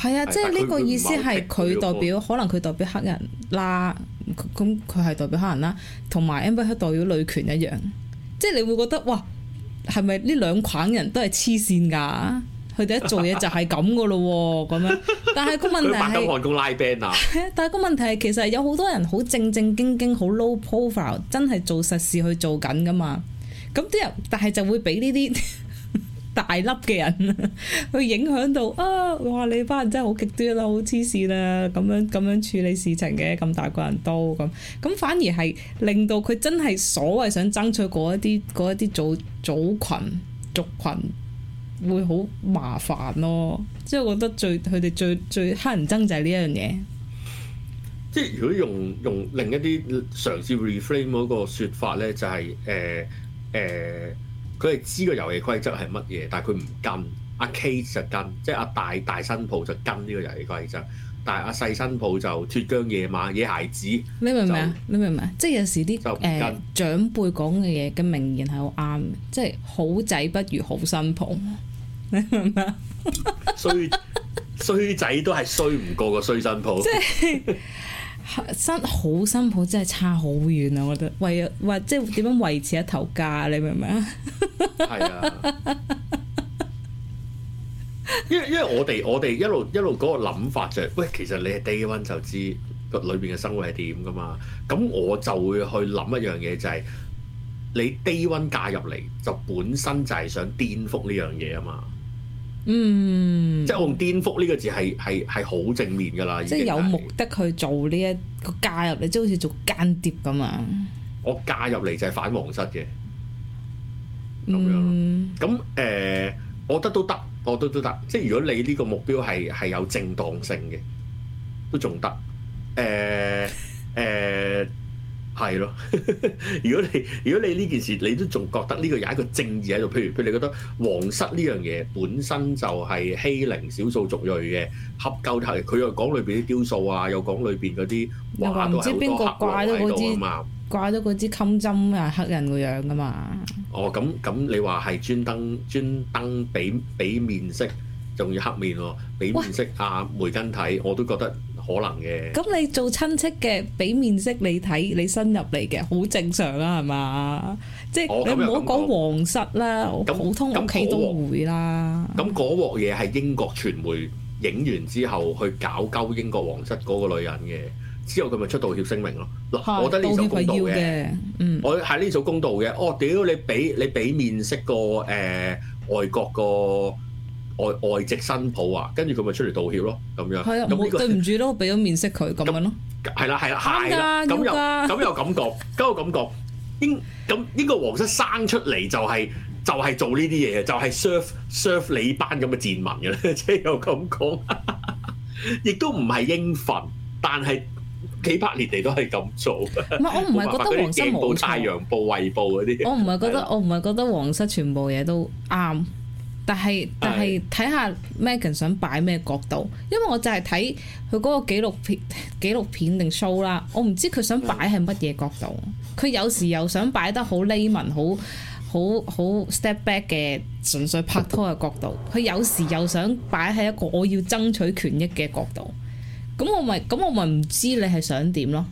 係啊，即係呢個意思係佢代表，可能佢代表黑人啦。咁佢係代表黑人啦，同埋 m b e 代表女權一樣。即係你會覺得哇，係咪呢兩款人都係黐線㗎？佢哋一做嘢就係咁㗎咯喎，咁 樣。但係個問題係， 白金漢宮拉 band 啊。但係個問題係，其實有好多人好正正經經、好 low profile，真係做實事去做緊㗎嘛。咁啲人，但係就會俾呢啲。 大粒嘅人 去影響到啊！哇，你班人真係好極端啦，好黐線啦，咁樣咁樣處理事情嘅，咁大個人都咁咁，反而係令到佢真係所謂想爭取嗰一啲嗰一啲組組羣族群族群，會好麻煩咯。即係我覺得最佢哋最最黑人憎就係呢一樣嘢。即係如果用用另一啲嘗試 reframe 嗰個說法咧，就係誒誒。呃呃呃佢係知個遊戲規則係乜嘢，但係佢唔跟。阿 Kate 就跟，即係阿大大新抱就跟呢個遊戲規則，但係阿細新抱就脫韁野馬、野孩子。你明唔明啊？就你明唔明啊？即係有時啲誒、呃、長輩講嘅嘢嘅名言係好啱，即係好仔不如好新抱。你明唔明啊？衰 衰仔都係衰唔過個衰新抱。即係。好真好辛苦，真係差好遠啊！我覺得維或即係點樣維持一頭家，啊，你明唔明啊？係 啊， 因為因為我哋我哋一路一路嗰個諗法就係、是，喂，其實你係 day one 就知個裏邊嘅生活係點㗎嘛。咁我就會去諗一樣嘢，就是，就係你 day one 嫁入嚟，就本身就係想顛覆呢樣嘢啊嘛。嗯，即係我用顛覆呢個字係係係好正面噶啦，即係有目的去做呢、這、一個介入，你即係好似做間諜咁啊！我介入嚟，就係反皇室嘅，咁樣。咁誒，我覺得都得，我得都得。即係如果你呢個目標係係有正當性嘅，都仲得。誒、呃、誒。呃係咯對， 如果你如果你呢件事你都仲覺得呢個有一個正義喺度，譬如你覺得皇室呢樣嘢本身就係欺凌少數族裔嘅，恰鳩夠。佢又講裏邊啲雕塑啊，裡蠻蠻裡又講裏邊嗰啲，又話唔知邊個怪咗嗰支掛咗嗰支襟針啊黑人個樣噶嘛、啊。哦、oh，咁咁你話係專登專登俾俾面色，仲要黑面喎，俾面色啊梅根睇，喂我都覺得。可能嘅，咁你做親戚嘅俾面色你睇，你新入嚟嘅好正常啦，係嘛？即係今你唔好講皇室啦，咁那普通屋企我都會啦。咁嗰鑊嘢係英國傳媒影完之後去搞鳩英國皇室嗰個女人嘅，之後佢咪出道歉聲明咯。嗱的，我覺得呢組公道嘅，嗯，我喺呢組公道嘅。哦，屌你俾你俾面色個誒、呃、外國個。外外籍新抱啊，跟住佢咪出嚟道歉咯，咁樣，樣，樣。係啊，冇對唔住咯，俾咗面色佢咁樣咯。係啦，係啦，係。啱㗎，咁咁有感覺，咁有感覺。應咁呢個皇室生出嚟就係就係做呢啲嘢，就係 serve serve 你班咁嘅賤民嘅咧，即係有感覺。亦都唔係應份，但係幾百年嚟都係咁做。唔係我唔係覺得皇室冇 錯太陽報、衛報嗰啲。我唔係覺得，吧我唔係覺得皇室全部嘢都啱。但係但係睇下 Megan 想擺咩角度，因為我就係睇佢嗰個紀錄片，紀錄片定 show 啦，我唔知佢想擺喺乜嘢角度。佢有時又想擺得好 layman 好好好 step back 嘅純粹拍拖嘅角度。佢有時又想擺喺一個我要爭取權益嘅角度。咁我咪咁我咪唔知你係想點咯？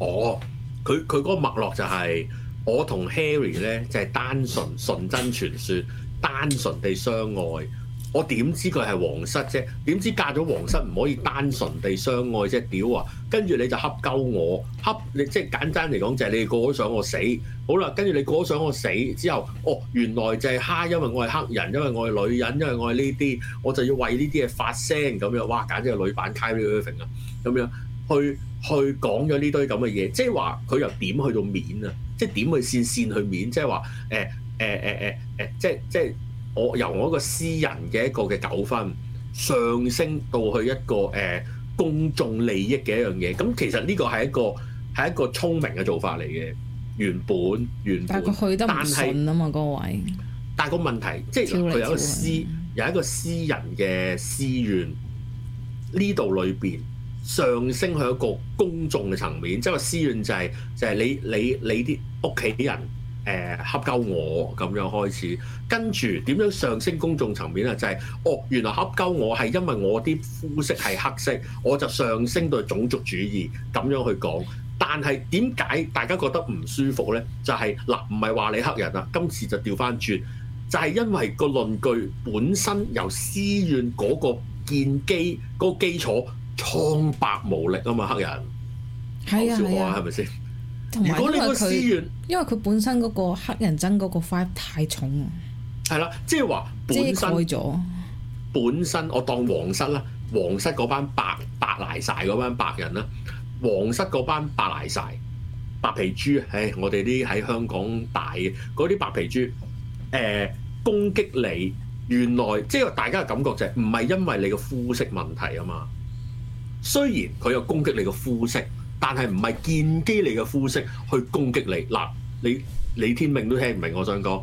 哦，佢佢嗰個脈絡就係、是、我同 Harry 咧，就係、是、單純純真傳説，單純地相愛，我點知佢係皇室啫？點知嫁咗皇室唔可以單純地相愛啫？屌啊！跟住你就恰鳩我，恰你即係簡單嚟講就係你個個想我死，好啦，跟住你個個想我死之後，哦，原來就係、是、蝦，因為我係黑人，因為我係女人，因為我係呢啲，我就要為呢啲嘢發聲咁樣，哇！簡直係女版 Kyrie Irving 啊，咁樣去去講咗呢堆咁嘅嘢，即係話佢又點去到面啊，即係點去線線去面，即係話誒。欸誒誒誒誒，即係即係我由我一個私人嘅一個嘅糾紛上升到去一個誒公眾利益嘅一樣嘢，咁其實呢個係一個係一個聰明嘅做法嚟嘅。原本原本，但係佢去得唔順啊嘛，嗰位。但個問題即係佢有一個私有一個私人嘅私怨，呢度裏邊上升去一個公眾嘅層面，即係個私怨就係就係你你你啲屋企人。誒恰鳩我咁樣開始，跟住點樣上升公眾層面啊？就係、是、哦，原來恰鳩我係因為我啲膚色係黑色，我就上升到種族主義咁樣去講。但係點解大家覺得唔舒服呢？就係、是、嗱，唔係話你黑人啦，今次就調翻轉，就係、是、因為個論據本身由私怨嗰個建基、個基礎蒼白無力啊嘛，黑人好少話係咪先？哎同埋呢個資源，因為佢本身嗰個黑人憎嗰個 five 太重啊，係啦，即係話本身，咗本身，我當皇室啦，皇室嗰班白白賴晒嗰班白人啦，皇室嗰班白賴晒，白皮豬，唉、哎，我哋啲喺香港大嘅嗰啲白皮豬，誒、呃，攻擊你，原來即係大家嘅感覺就係唔係因為你嘅膚色問題啊嘛，雖然佢有攻擊你嘅膚色。但係唔係見機你嘅膚色去攻擊你嗱，你李天命都聽唔明我想講，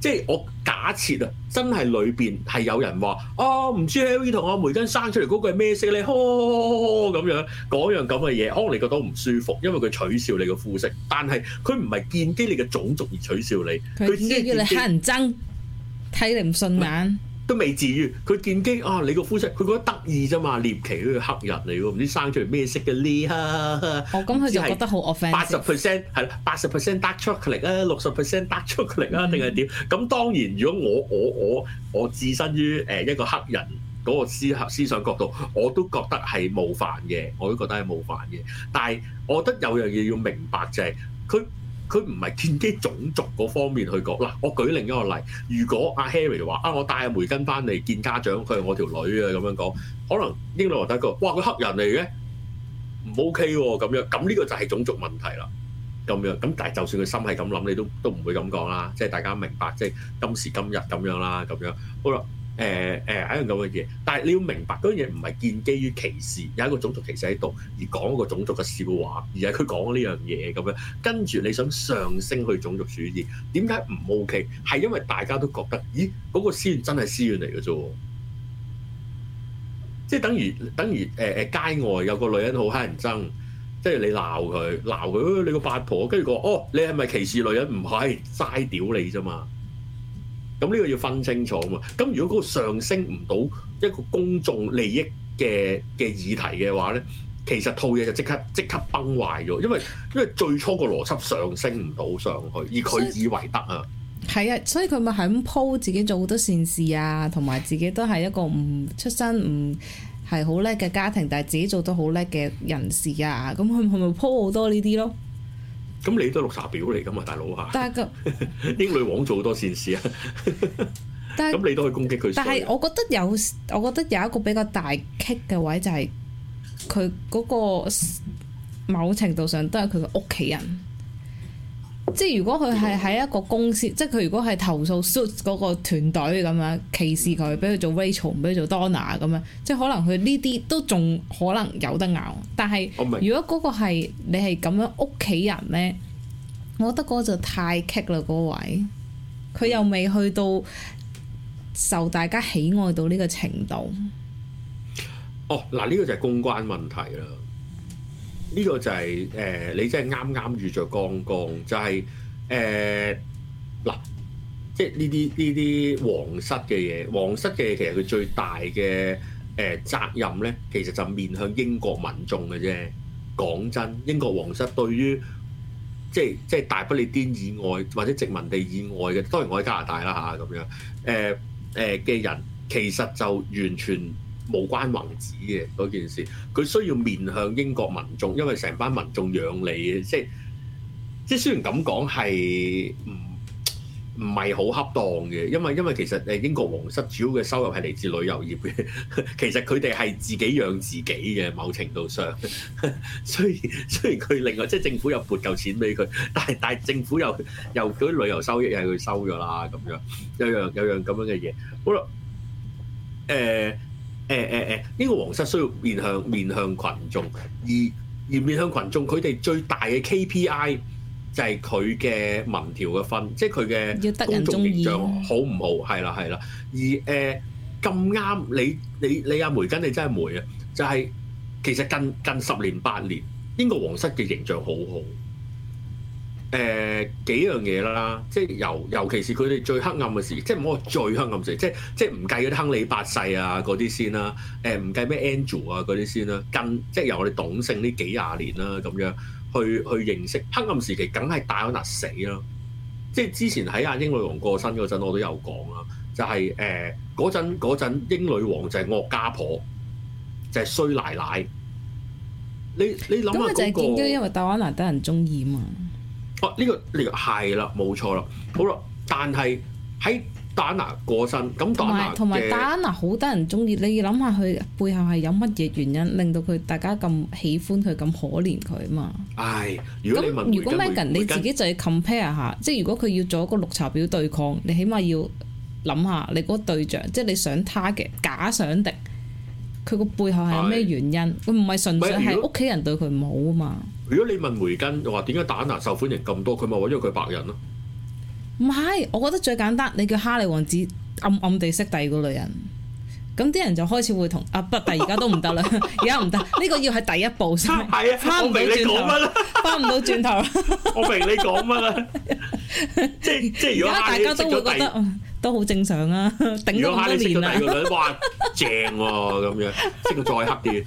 即係我假設啊，真係裏邊係有人話哦，唔知 Harry 同阿梅根生出嚟嗰個係咩色咧，呵咁樣講樣咁嘅嘢，哦，哦哦你覺得唔舒服，因為佢取笑你嘅膚色，但係佢唔係見機你嘅種族而取笑你，佢只係你黑人憎睇你唔順眼。都未至癒，佢見機啊！你個膚色，佢覺得得意啫嘛，獵奇嗰個黑人嚟喎，唔知生出嚟咩色嘅呢啊！咁佢就覺得好 o f f 八十 percent 係啦，八十 percent 得出嚟啊，六十 percent 得出嚟啊，定係點？咁、嗯、當然，如果我我我我置身於誒一個黑人嗰個思思想角度，我都覺得係冒犯嘅，我都覺得係冒犯嘅。但係我覺得有樣嘢要明白就係、是、佢。佢唔係見機種族嗰方面去講嗱，我舉另一個例，如果阿 Harry 話啊，我帶阿梅根翻嚟見家長，佢係我條女啊，咁樣講，可能英女皇第一個，哇佢黑人嚟嘅，唔 OK 喎，咁樣，咁呢個就係種族問題啦，咁樣，咁但係就算佢心係咁諗，你都都唔會咁講啦，即係大家明白，即係今時今日咁樣啦，咁樣，好啦。誒誒係一樣咁嘅嘢，但係你要明白嗰樣嘢唔係建基於歧視，有一個種族歧視喺度而講一個種族嘅笑話，而係佢講呢樣嘢咁樣，跟住你想上升去種族主義，點解唔 OK？係因為大家都覺得，咦嗰、嗰個思源真係思院嚟嘅啫，即係等於等於誒誒街外有個女人好乞人憎，即係你鬧佢鬧佢，你個八婆，跟住我哦，你係咪歧視女人？唔係，齋屌你啫嘛。咁呢個要分清楚嘛！咁如果嗰個上升唔到一個公眾利益嘅嘅議題嘅話呢，其實套嘢就即刻即刻崩壞咗，因為因為最初個邏輯上升唔到上去，而佢以為得啊，係啊，所以佢咪係咁 po 自己做好多善事啊，同埋自己都係一個唔出身唔係好叻嘅家庭，但係自己做得好叻嘅人士啊，咁佢佢咪 po 好多呢啲咯。咁你都綠茶婊嚟噶嘛，大佬啊！但係個 英女王做好多善事啊！咁 但你都可以攻擊佢。但係以但我覺得有，我覺得有一個比較大棘嘅位就係佢嗰個某程度上都係佢嘅屋企人。即係如果佢係喺一個公司，即係佢如果係投訴 Suits 嗰個團隊咁樣歧視佢，俾佢做 Rachel 唔俾佢做 Donna 咁樣，即係可能佢呢啲都仲可能有得拗。但係如果嗰個係你係咁樣屋企人呢，我覺得嗰就太 cut 啦，嗰位佢又未去到受大家喜愛到呢個程度。哦，嗱，呢、這個就係公關問題啦。呢個就係、是、誒、呃，你真係啱啱遇着剛剛，就係誒嗱，即係呢啲呢啲皇室嘅嘢，皇室嘅嘢其實佢最大嘅誒、呃、責任咧，其實就面向英國民眾嘅啫。講真，英國皇室對於即係即係大不列顛以外或者殖民地以外嘅，當然我喺加拿大啦吓咁樣，誒誒嘅人其實就完全無關宏旨嘅嗰件事，佢需要面向英國民眾，因為成班民眾養你，即係即係雖然咁講係唔唔係好恰當嘅，因為因為其實誒英國皇室主要嘅收入係嚟自旅遊業嘅，其實佢哋係自己養自己嘅某程度上，雖 雖然佢另外即係政府又撥夠錢俾佢，但係但係政府又又啲旅遊收益係佢收咗啦咁樣，有樣有樣咁樣嘅嘢，好啦，誒、欸。誒誒誒，呢個、欸欸、皇室需要面向面向群眾，而而面向群眾，佢哋最大嘅 KPI 就係佢嘅民調嘅分，即係佢嘅公眾形象好唔好？係啦係啦，而誒咁啱你你你阿、啊、梅根你真係梅啊！就係、是、其實近近十年八年，呢個皇室嘅形象好好。誒、呃、幾樣嘢啦，即係尤尤其是佢哋最黑暗嘅時期，即係唔好最黑暗時期，即係即係唔計嗰啲亨利八世啊嗰啲先啦、啊，誒唔計咩 Andrew 啊嗰啲先啦、啊，跟即係由我哋懂性呢幾廿年啦、啊、咁樣，去去認識黑暗時期，梗係戴安娜死啦！即係之前喺阿英女王過身嗰陣，我都有講啦，就係誒嗰陣英女王就係惡家婆，就係衰奶奶。你你諗、那個？下，佢就係因為戴安娜得人中意嘛。哦，呢個呢個係啦，冇錯啦。好啦，但係喺戴安娜過身咁，同埋同埋戴安娜好多人中意。你要諗下佢背後係有乜嘢原因令到佢大家咁喜歡佢咁可憐佢啊嘛？係。咁如果 Meghan 你自己就要 compare 下，即係如果佢要做一個綠茶表對抗，你起碼要諗下你嗰個對象，即係你想他嘅假想敵，佢個背後係有咩原因？佢唔係純粹係屋企人對佢唔好啊嘛？如果你問梅根，又話點解戴安娜受歡迎咁多，佢咪為咗佢白人咯？唔係，我覺得最簡單，你叫哈利王子暗暗地識第二個女人，咁啲人就開始會同啊，不，但而家都唔得啦，而家唔得，呢、這個要係第一步先。 對我你翻唔到轉頭， 我明你講乜啦？即係即係如果大家都會覺得。都好正常啊！頂如咗下你食到第二個女， 哇，正喎咁樣，即係再黑啲，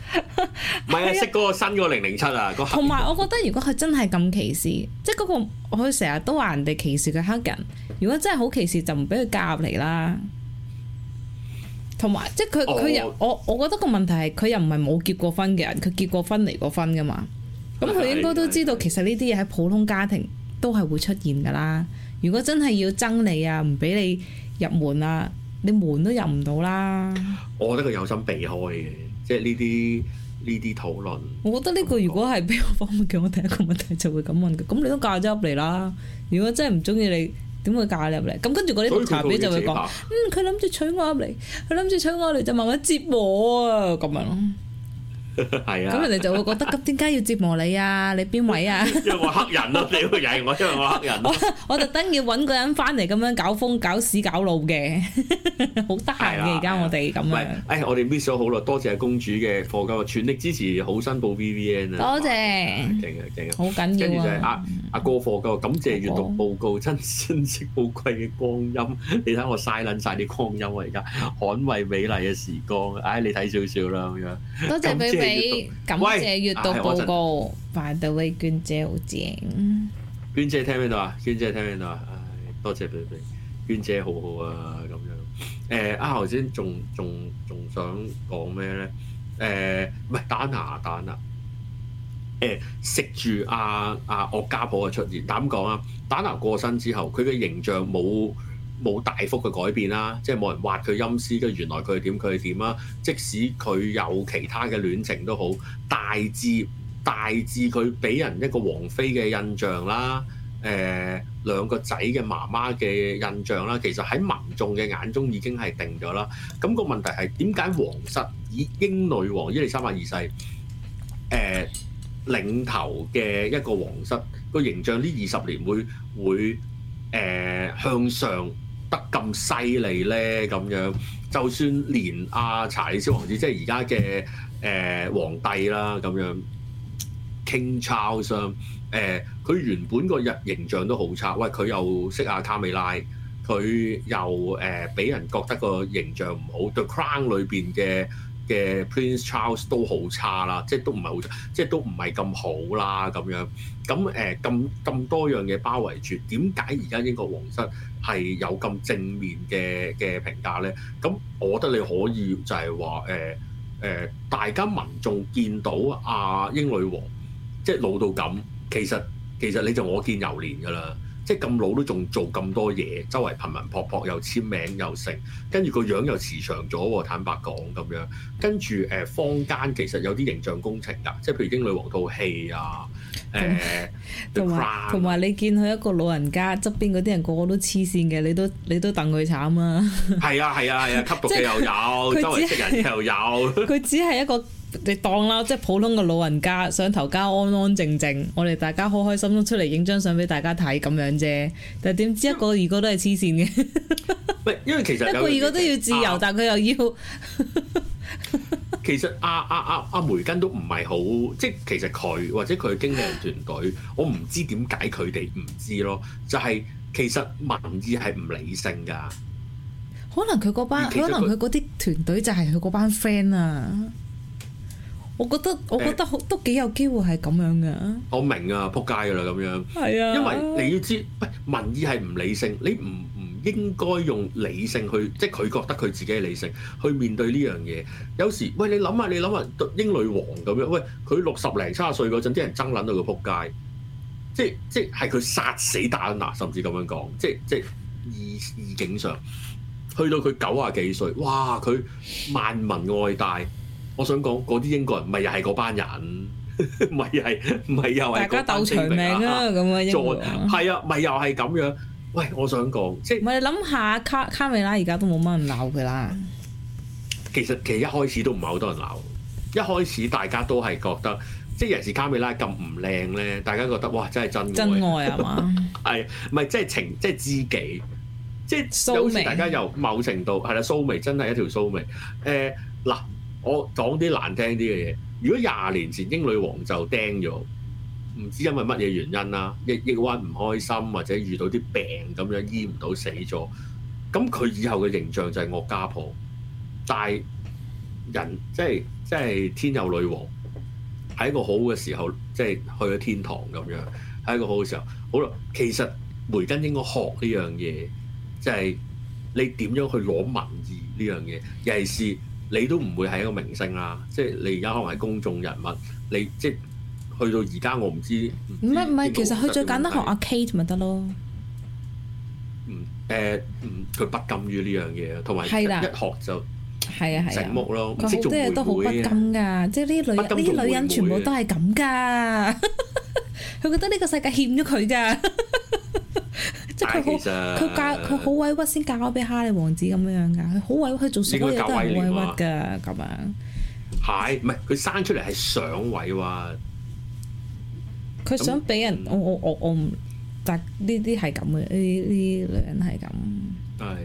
唔係 啊，識嗰個新嗰個零零七啊，同埋我覺得，如果佢真係咁歧視， 即係、那、嗰個，佢成日都話人哋歧視佢黑人。如果真係好歧視，就唔俾佢嫁入嚟啦。同埋，即係佢佢又我，我覺得個問題係佢又唔係冇結過婚嘅人，佢結過婚離過婚噶嘛。咁佢、 嗯、應該都知道，其實呢啲嘢喺普通家庭都係會出現噶啦。如果真係要憎你啊，唔俾你入門啦，你門都入唔到啦。我覺得佢有心避開嘅，即係呢啲呢啲討論。我覺得呢個如果係畀我方面嘅，我第一個問題就會咁問嘅。咁你都嫁咗入嚟啦，如果真係唔中意你，點會嫁你入嚟？咁跟住嗰啲茶杯就會講：會嗯，佢諗住娶我入嚟，佢諗住娶我嚟就慢慢折磨啊，咁樣咯。係啊，咁人哋就會覺得咁點解要折磨你啊？你邊位啊？因為我黑人咯，你個人我因為我黑人，我我特登要揾個人翻嚟咁樣搞風搞屎搞路嘅，好得閒嘅而家我哋咁樣。唔係，誒我哋 miss 咗好耐，多謝公主嘅課教啊，全力支持好新報 VVN 啊，多謝，勁啊勁啊，好緊要啊。跟住就係阿阿過課教感謝閱讀報告，珍惜寶貴嘅光陰。你睇我曬撚曬啲光陰啊，而家捍衛美麗嘅時光。唉，你睇少少啦咁樣，多謝俾。你感謝閱讀報告，拜託喂、啊、你娟姐好正，娟姐聽唔聽到啊？娟姐聽唔聽到啊？唉，多謝 baby，娟姐好好啊，咁樣。誒、欸，阿頭先仲仲仲想講咩咧？誒、欸，唔係戴安娜、戴安娜，誒，食住阿阿岳家婆嘅出現，咁講啊，戴安娜過身之後，佢嘅形象冇。冇大幅嘅改變啦，即係冇人挖佢陰私，跟住原來佢係點佢係點啦。即使佢有其他嘅戀情都好，大致大致佢俾人一個皇妃嘅印象啦，誒、呃、兩個仔嘅媽媽嘅印象啦，其實喺民眾嘅眼中已經係定咗啦。咁、那個問題係點解皇室以英女王伊利沙伯二世誒、呃、領頭嘅一個皇室個形象呢二十年會會誒、呃、向上？得咁犀利咧咁樣，就算連阿、啊、查理小王子，即係而家嘅誒皇帝啦咁樣，King Charles 誒、啊，佢、呃、原本個日形象都好差，喂佢又識阿卡美拉，佢又誒俾、呃、人覺得個形象唔好，對 Crown 裏邊嘅。嘅 Prince Charles 都好差啦，即係都唔係好，即係都唔係咁好啦咁樣，咁誒咁咁多樣嘢包圍住，點解而家英國皇室係有咁正面嘅嘅評價咧？咁我覺得你可以就係話誒誒大家民眾見到阿、啊、英女王，即係老到咁，其實其實你就我見猶憐㗎啦。即係咁老都仲做咁多嘢，周圍頻頻撲撲又簽名又成，跟住個樣又慈祥咗喎。坦白講咁樣，跟住誒坊間其實有啲形象工程㗎，即係譬如《英女王套戲》啊，誒同埋你見佢一個老人家側邊嗰啲人個個都黐線嘅，你都你都戥佢慘啊！係 啊係啊係啊，吸毒嘅又有， 周圍食人嘅又有。佢 只係一個。你當啦，即係普通嘅老人家想投家安安靜靜，我哋大家開開心心出嚟影張相俾大家睇咁樣啫。但點知一個二個,個都係黐線嘅。唔係，因為其實、那個、一個二個都要自由，啊、但佢他又要 。其實阿阿阿阿梅根都唔係好，即係其實佢或者佢嘅經理人團隊，我唔知點解佢哋唔知咯。就係、是、其實民意係唔理性㗎。可能佢嗰班，可能佢嗰啲團隊就係佢嗰班 friend 啊。我覺得我覺得好都幾有機會係咁樣嘅。我明啊，仆街㗎喇咁樣。係啊，因為你要知，民意係唔理性，你唔唔應該用理性去，即係佢覺得佢自己係理性去面對呢樣嘢。有時喂，你諗下，你諗下英女王咁樣，喂，佢六十零差歲嗰陣，啲人爭撚到佢仆街，即係即係佢殺死戴安娜，甚至咁樣講，即係即係意意境上，去到佢九啊幾歲，哇！佢萬民愛戴。我想講嗰啲英國人，咪又係嗰班人，咪又係，咪又係大家鬥長命啊咁啊！英國係啊，咪又係咁樣。喂，我想講，即係你諗下卡卡美拉而家都冇乜人鬧佢啦？其實其實一開始都唔係好多人鬧，一開始大家都係覺得，即係有時卡美拉咁唔靚咧，大家覺得哇，真係真真愛，真愛 啊嘛！係唔係？即係情，即係知己，即係美有時大家由某程度係啦，蘇眉真係一條蘇眉。誒、呃、嗱。我講啲難聽啲嘅嘢。如果廿年前英女王就釘咗，唔知因為乜嘢原因啦、啊，亦亦鬱唔開心或者遇到啲病咁樣醫唔到死咗，咁佢以後嘅形象就係惡家婆。但係人即係即係天佑女王，喺一個好嘅時候，即係去咗天堂咁樣，喺一個好嘅時候。好啦，其實梅根應該學呢樣嘢，即係你點樣去攞民意呢樣嘢，尤其是。你都唔會係一個明星啊！即係你而家可能係公眾人物，你即係去到而家，我唔是知。唔係唔係，其實佢最簡單學阿 Kate 咪得咯。嗯，誒、啊，嗯、啊，佢、啊、不甘於呢樣嘢，同埋的一學就係啊，係寂寞咯。佢覺得啲嘢都好不甘㗎，即係呢啲女，呢啲女人全部都係咁㗎。佢 覺得呢個世界欠咗佢㗎。 即係佢好，佢嫁佢好委屈先嫁咗俾哈利王子咁樣樣噶，佢好委屈，佢做所有嘢都係好委屈噶咁樣。係唔係佢生出嚟係上位喎，佢想俾人，嗯、我我我我唔，但呢啲係咁嘅，呢啲女人係咁。係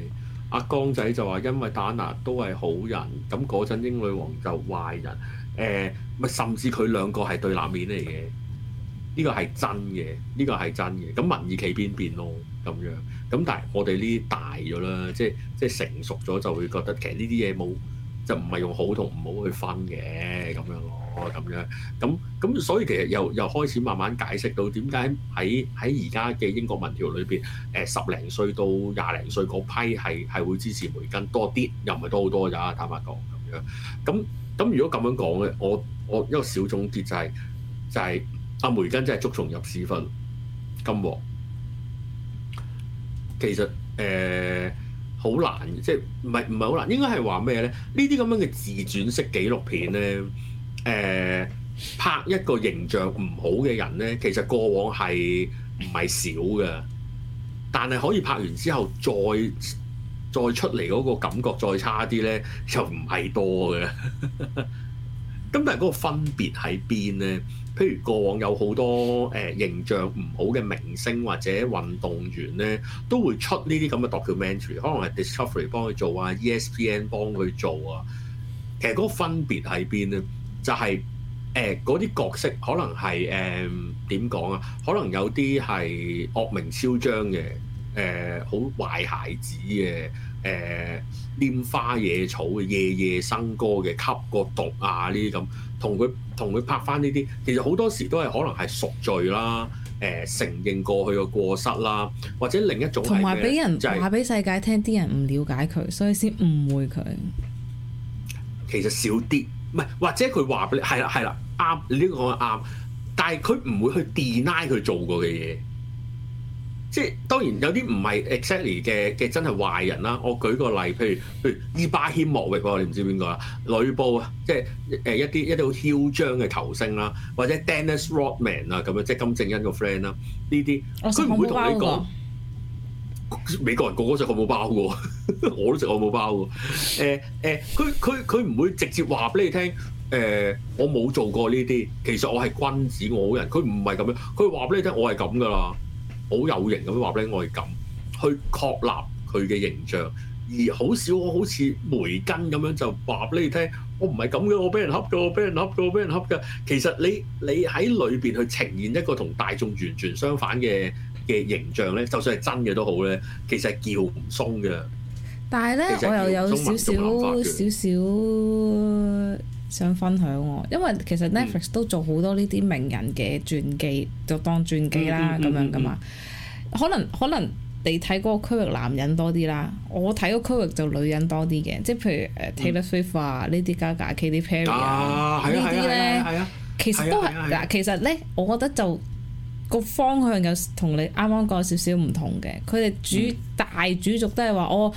阿江仔就話，因為戴安娜都係好人，咁嗰陣英女王就壞人，誒、欸，咪甚至佢兩個係對立面嚟嘅，呢、這個係真嘅，呢、這個係真嘅，咁民意企邊邊咯。咁樣，咁但係我哋呢啲大咗啦，即係即係成熟咗就會覺得其實呢啲嘢冇就唔係用好同唔好去分嘅咁樣咯。咁樣咁咁所以其實又又開始慢慢解釋到點解喺喺而家嘅英國民調裏邊，誒、呃、十零歲到廿零歲嗰批係係會支持梅根多啲，又唔係多好多咋，坦白講咁樣。咁咁如果咁樣講咧，我我一個小總結就係、是、就係、是、阿梅根真係捉蟲入屎瞓金其實誒好、呃、難，即係唔係唔係好難，應該係話咩咧？呢啲咁樣嘅自傳式紀錄片咧，誒、呃、拍一個形象唔好嘅人咧，其實過往係唔係少嘅，但係可以拍完之後再再出嚟嗰個感覺再差啲咧，就唔係多嘅。咁 但係嗰個分別喺邊咧？譬如過往有好多誒形象唔好嘅明星或者運動員咧，都會出呢啲咁嘅 documentary，可能係 Discovery 幫佢做啊，ESPN 幫佢做啊。其實嗰個分別喺邊咧？就係誒嗰啲角色可能係誒點講啊？可能有啲係惡名昭彰嘅，誒好壞孩子嘅，誒拈花惹草嘅，夜夜笙歌嘅，吸過毒啊呢啲咁。同佢同佢拍翻呢啲，其實好多時都係可能係贖罪啦，誒、呃、承認過去嘅過失啦，或者另一種係同埋俾人即係話俾世界聽啲人唔了解佢，所以先誤會佢。其實少啲，唔係或者佢話俾你係啦係啦啱，你呢、啊啊啊呢個啱，但係佢唔會去 deny 佢做過嘅嘢。即係當然有啲唔係 exactly 嘅嘅真係壞人啦。我舉個例，譬如譬如伊巴謙莫域，你唔知邊個呀？呂布啊，即係誒、呃、一啲一啲好囂張嘅球星啦，或者 Dennis Rodman 啊咁樣，即係金正恩個 friend 啦，呢啲佢唔會同你講美國人個個食漢堡包嘅， 我都食漢堡包嘅。誒、呃、誒，佢佢佢唔會直接話俾你聽。誒、呃，我冇做過呢啲，其實我係君子我好人，佢唔係咁樣。佢話俾你聽，我係咁㗎啦。好有型咁樣話俾我哋咁，去確立佢嘅形象，而好少我好似梅根咁樣就話俾你聽，我唔係咁嘅，我俾人恰㗎，我俾人恰㗎，我俾人恰㗎。其實你你喺裏邊去呈現一個同大眾完全相反嘅嘅形象咧，就算係真嘅都好咧，其實係叫唔鬆嘅。但係咧，我又有少少少少，想分享我，因為其實 Netflix 都做好多呢啲名人嘅傳記，嗯、就當傳記啦咁，嗯嗯嗯，樣噶嘛。可能可能你睇嗰個區域男人多啲啦，我睇個區域就女人多啲嘅。即係譬如誒 Taylor Swift 啊、Lady Gaga、Katy Perry 啊，呢啲咧、啊啊啊、其實都係嗱，其實咧我覺得就個方向剛剛有同你啱啱講少少唔同嘅。佢哋主大主軸都係話我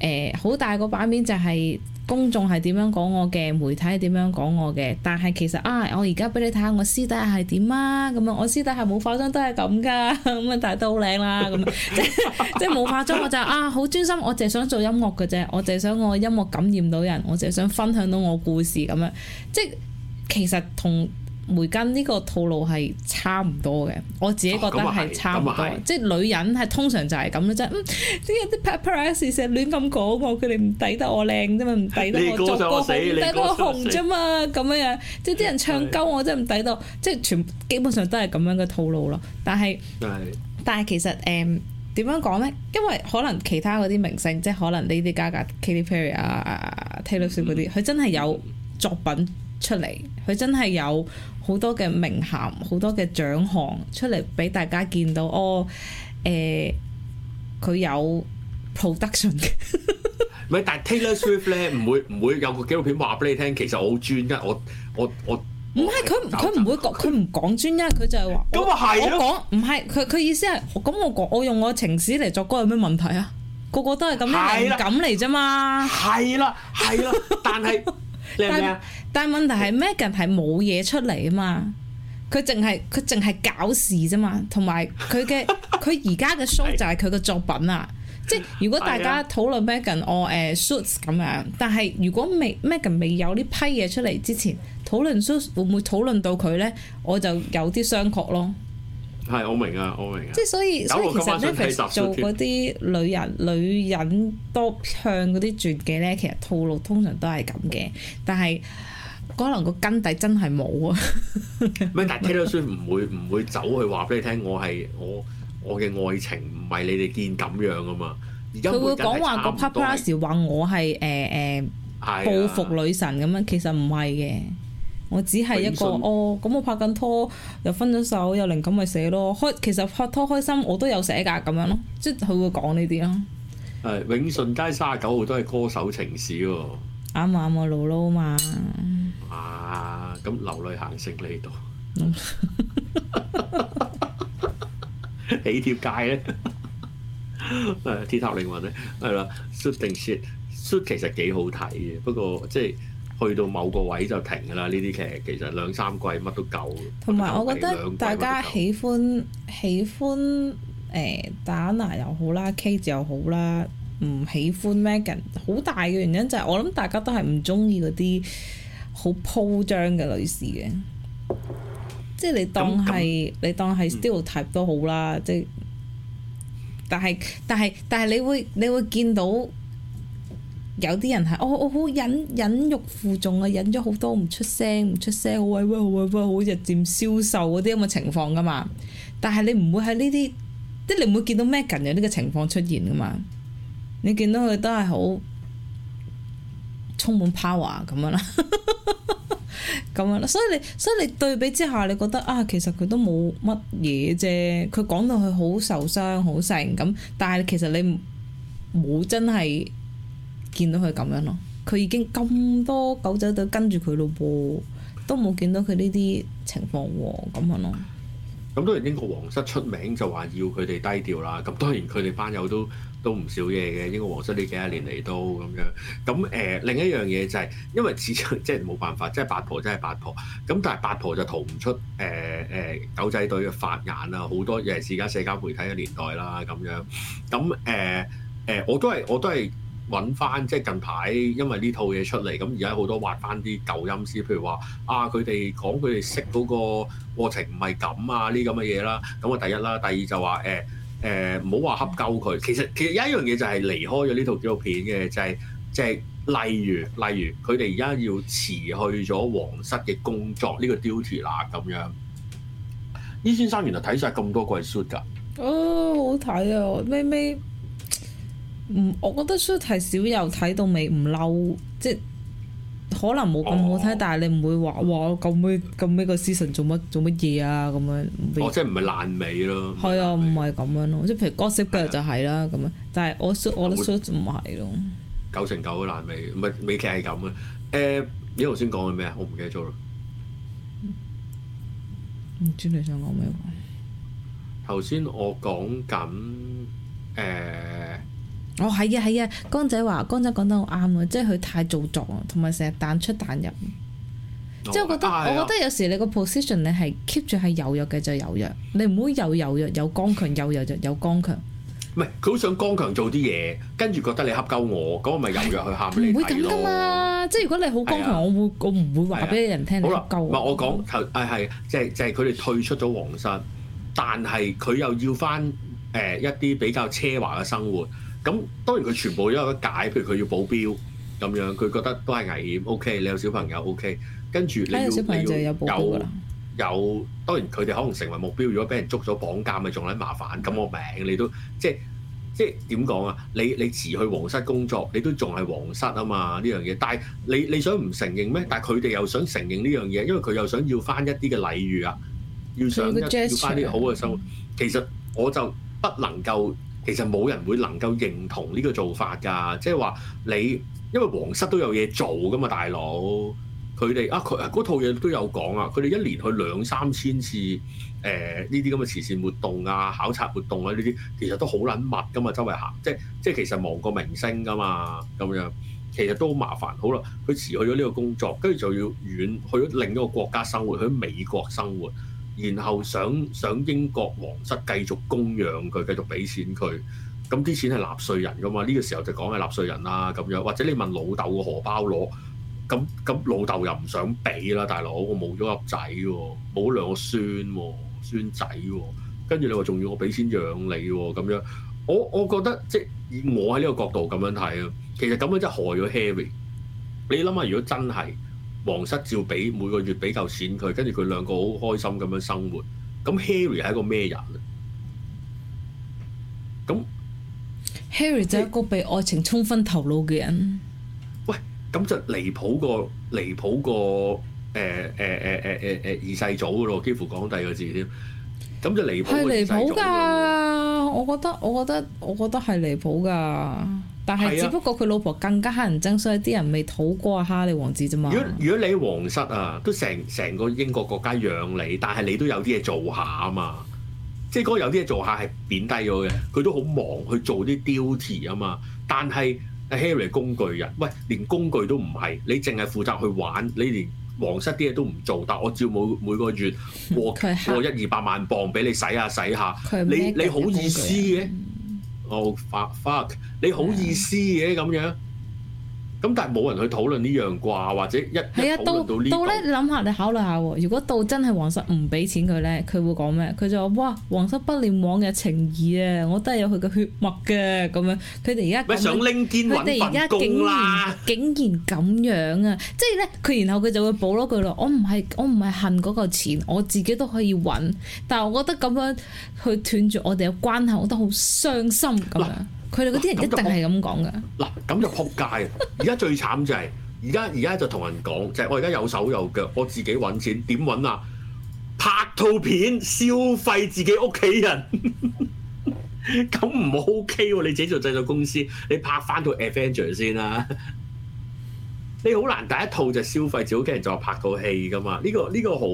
誒好大個版面就係、是。就是公眾係點樣講我嘅，媒體係點樣講我嘅，但係其實啊，我而家俾你睇下我私底下係點啊，咁啊，我私底下冇化妝都係咁噶，咁啊，但係都好靚啦，咁即即冇化妝我就啊好專心，我淨係想做音樂嘅啫，我淨係想我音樂感染到人，我淨係想分享到我故事咁樣，即其實同。梅根呢個套路係差唔多嘅，我自己覺得係差唔多，哦、即係女人係通常就係咁咯，啫、嗯。係嗯啲一啲 paparazzi 亂咁講我，佢哋唔抵得我靚啫嘛，唔抵得我作歌好，唔抵得我紅啫嘛，咁樣樣，即係啲人唱鳩我真係唔抵到，即係全部基本上都係咁樣嘅套路咯。但係對但係其實誒點、呃、樣講咧？因為可能其他嗰啲明星，即係可能呢啲 Gaga Katy Perry 啊 Taylor Swift 嗰啲，佢、啊嗯、真係有作品出嚟，佢真係有。好多嘅名銜，好多嘅獎項出嚟俾大家見到，哦，誒、呃，佢有 production，唔係 但係 Taylor Swift 咧，唔會唔 會有個紀錄片話俾你聽，其實我好專一，我我我唔係，佢佢唔會講佢唔講專一，佢就係話咁啊係咯，我講唔係佢佢意思係，咁我講我用我情史嚟作歌有咩問題啊？個個都係咁樣嚟咁嚟啫嘛，係啦係啦，但係。 但但問題係 Megan 係冇嘢，出嚟啊嘛，佢淨係佢淨係搞事啫嘛，同埋佢嘅佢而家嘅 show 就係佢嘅作品啊，即係如果大家討論 Megan 我誒 Suits 咁、哦欸、樣，但係如果未 Megan 未有呢批嘢出嚟之前，討論 Suits 會唔會討論到佢咧？我就有啲商榷咯。係，我明啊，我明啊。即係所以，所以其實呢，譬如做嗰啲女人、女人多向嗰啲傳記咧，其實套路通常都係咁嘅，但係可能個根底真係冇啊。咩？ 但 Taylor Swift 唔會唔會走去話俾你聽，我係我我嘅愛情唔係你哋見咁樣啊嘛。而家佢會講話個 paragraph 話我係誒誒報復女神咁樣，其實唔係嘅。我只係一個迅哦，咁我拍緊拖又分咗手，又靈感咪寫咯。開其實拍拖開心，我都有寫噶咁樣咯。即係佢會講呢啲咯。誒永順街三十九號都係歌手情史喎。啱啊啱啊老撈啊嘛。啊，咁流淚行成你度。喜帖街咧，誒鐵塔靈魂咧，係啦。Suits 定 shit，Suits 其實幾好睇嘅，不過即係。去到某個位就停㗎啦，呢啲其實其實兩三季乜都夠。同埋我覺得大家喜歡喜歡誒 Dana 又好啦，Kate 又好啦，唔喜歡 Megan，好大嘅原因就係我諗大家都係唔中意嗰啲好鋪張嘅女士嘅。即係你當係你當係 stereotype 都好啦，即係。但係但係但係，你會你會見到。有啲人係我我好忍忍辱負重啊，忍咗好多唔出聲唔出聲，好委屈好委屈，好日漸消瘦嗰啲咁嘅情況噶嘛。但係你唔會喺呢啲，即係你唔會見到 Megan 有呢個情況出現噶嘛。你見到佢都係好充滿 power 咁樣啦，咁 樣啦。所以你所以你對比之下，你覺得啊，其實佢都冇乜嘢啫。佢講到佢好受傷好剩咁，但係其實你冇真係。見到佢咁樣咯，佢已經咁多狗仔隊跟住佢咯，噃，都冇見到佢呢啲情況喎，咁樣咯。咁當然英國皇室出名就話要佢哋低調啦。咁當然佢哋班友都都唔少嘢嘅。英國皇室呢幾十年嚟都咁樣。咁誒、呃、另一樣嘢就係、是、因為始終即係冇辦法，即係八婆真係八婆。咁但係八婆就逃唔出誒誒、呃呃、狗仔隊嘅法眼啊！好多嘢而家社交媒體嘅年代啦，咁樣咁誒誒，我都係我都係。揾翻即係近排，因為呢套嘢出嚟，咁而家好多挖翻啲舊音司，譬如話啊，佢哋講佢哋識嗰個過程唔係咁啊，呢咁嘅嘢啦。咁啊，第一啦，第二就話誒誒，唔好話恰鳩佢。其實其實有一樣嘢就係離開咗呢套紀錄片嘅，就係即係例如例如佢哋而家要辭去咗皇室嘅工作呢、呢個 duty 啦咁樣。依先生原來睇晒咁多貴書㗎。哦，好睇啊、哦，我咩咩。唔，我覺得 Suits 係少又睇到尾唔嬲，即係可能冇咁好睇，哦、但係你唔會話哇咁尾咁尾個 season 做乜做乜嘢啊咁樣。哦，樣即係唔係爛尾咯？係啊，唔係咁樣咯。即係譬如是、啊《角色 d 就係啦咁啊，但係我我覺得 Suits 唔係咯。九成九都爛尾，唔係美劇係咁嘅。誒、欸，你頭先講嘅咩啊？我唔記得咗咯。唔知你想講咩話？頭先我講緊誒。呃哦，係呀，係呀。江仔話，江仔講得好啱啊，即係佢太做作啊，同埋成日彈出彈入。即我覺得我覺得有時你個 position 你係 keep 住係柔弱嘅就柔弱，你唔好又柔弱又剛強，又柔弱又剛強。唔係佢好想剛強做啲嘢，跟住覺得你恰夠我咁，我咪柔弱去喊你。唔會咁噶嘛，即係如果你好剛強，我會我唔會話俾啲人聽。好啦，夠。唔係我講頭，係即係即係佢哋退出咗皇室，但係佢又要翻誒一啲比較奢華嘅生活。咁當然佢全部都有得解，譬如佢要保鏢咁樣，佢覺得都係危險。OK，你有小朋友 OK，跟住你要、哎、有有，有，當然佢哋可能成為目標，如果俾人捉咗綁架，咪仲係麻煩。咁我名你都即即點講啊？你你辭去皇室工作，你都仲係皇室啊嘛，呢樣嘢。但係你你想唔承認咩？但係佢哋又想承認呢樣嘢，因為佢又想要翻一啲嘅禮遇啊，要想要翻啲好嘅生活。嗯、其實我就不能夠。其實冇人會能夠認同呢個做法㗎，即係話你，因為皇室都有嘢做㗎嘛，大佬佢哋啊佢嗰套嘢都有講啊，佢哋一年去兩三千次誒呢啲咁嘅慈善活動啊、考察活動啊呢啲，其實都好撚密㗎嘛，周圍行，即即係其實忙過明星㗎嘛，咁樣其實都好麻煩。好啦，佢辭去咗呢個工作，跟住就要遠去咗另一個國家生活，去美國生活。然後想想英國皇室繼續供養佢，繼續俾錢佢，咁啲錢係納稅人㗎嘛？呢、這個時候就講係納稅人啦咁樣，或者你問老豆個荷包攞，咁咁老豆又唔想俾啦，大佬我冇咗粒仔喎、啊，冇咗兩個孫喎、啊，孫仔喎、啊，跟住你話仲要我俾錢養你喎、啊、咁樣，我我覺得即係以我喺呢個角度咁樣睇啊，其實咁樣真係害咗 Harry。你諗下，如果真係，皇室照俾每個月俾夠錢佢，跟住佢兩個好開心咁樣生活。咁 Harry 係一個咩人啊？咁 Harry 就係一個被愛情沖昏頭腦嘅人。喂，咁就離譜個，離譜個，誒誒誒誒誒誒二世祖噶咯，幾乎講第二個字添。咁就離譜係離譜㗎！我覺得，我覺得，我覺得係離譜㗎。但係，只不過佢老婆更加乞人憎，所以啲人未討過哈利王子啫嘛。如果如果你喺皇室啊，都成成個英國國家養你，但係你都有啲嘢做下啊嘛。即係嗰個有啲嘢做下係貶低咗嘅，佢都好忙去做啲 duty 啊嘛。但係 Harry 工具人，喂，連工具都唔係，你淨係負責去玩，你連皇室啲嘢都唔做，但我照每每個月過一二百萬鎊俾你使下使下，你你好意思嘅？我發、oh, fuck, fuck，你好意思嘅、啊、咁樣。咁但係冇人去討論呢樣啩，或者一,的一討論到,到,到呢，你諗下，你考慮下，如果到真係皇室唔俾錢佢咧，佢會講咩？佢就話：哇，皇室不念往嘅情義啊，我都係有佢嘅血脈嘅咁樣。佢哋而家唔係想拎肩揾份工啦，竟然竟然咁樣啊！即係咧，佢然後佢就會補多佢咯：我唔係我唔係恨嗰個錢，我自己都可以揾。但係我覺得咁樣去斷絕我哋嘅關係，我都好傷心咁樣。佢哋嗰啲人一定係咁講噶。嗱，咁就撲街。而家最慘 就係，而家而家就同人講就係，我而家有手有腳，我自己揾錢點揾啊？拍套片消費自己屋企人，咁唔好 OK 喎。你自己做製作公司，你拍翻套 Avenger 先啦。 你好難第一套就消費自己屋企人就拍套戲噶嘛？呢、呢個呢、呢個好。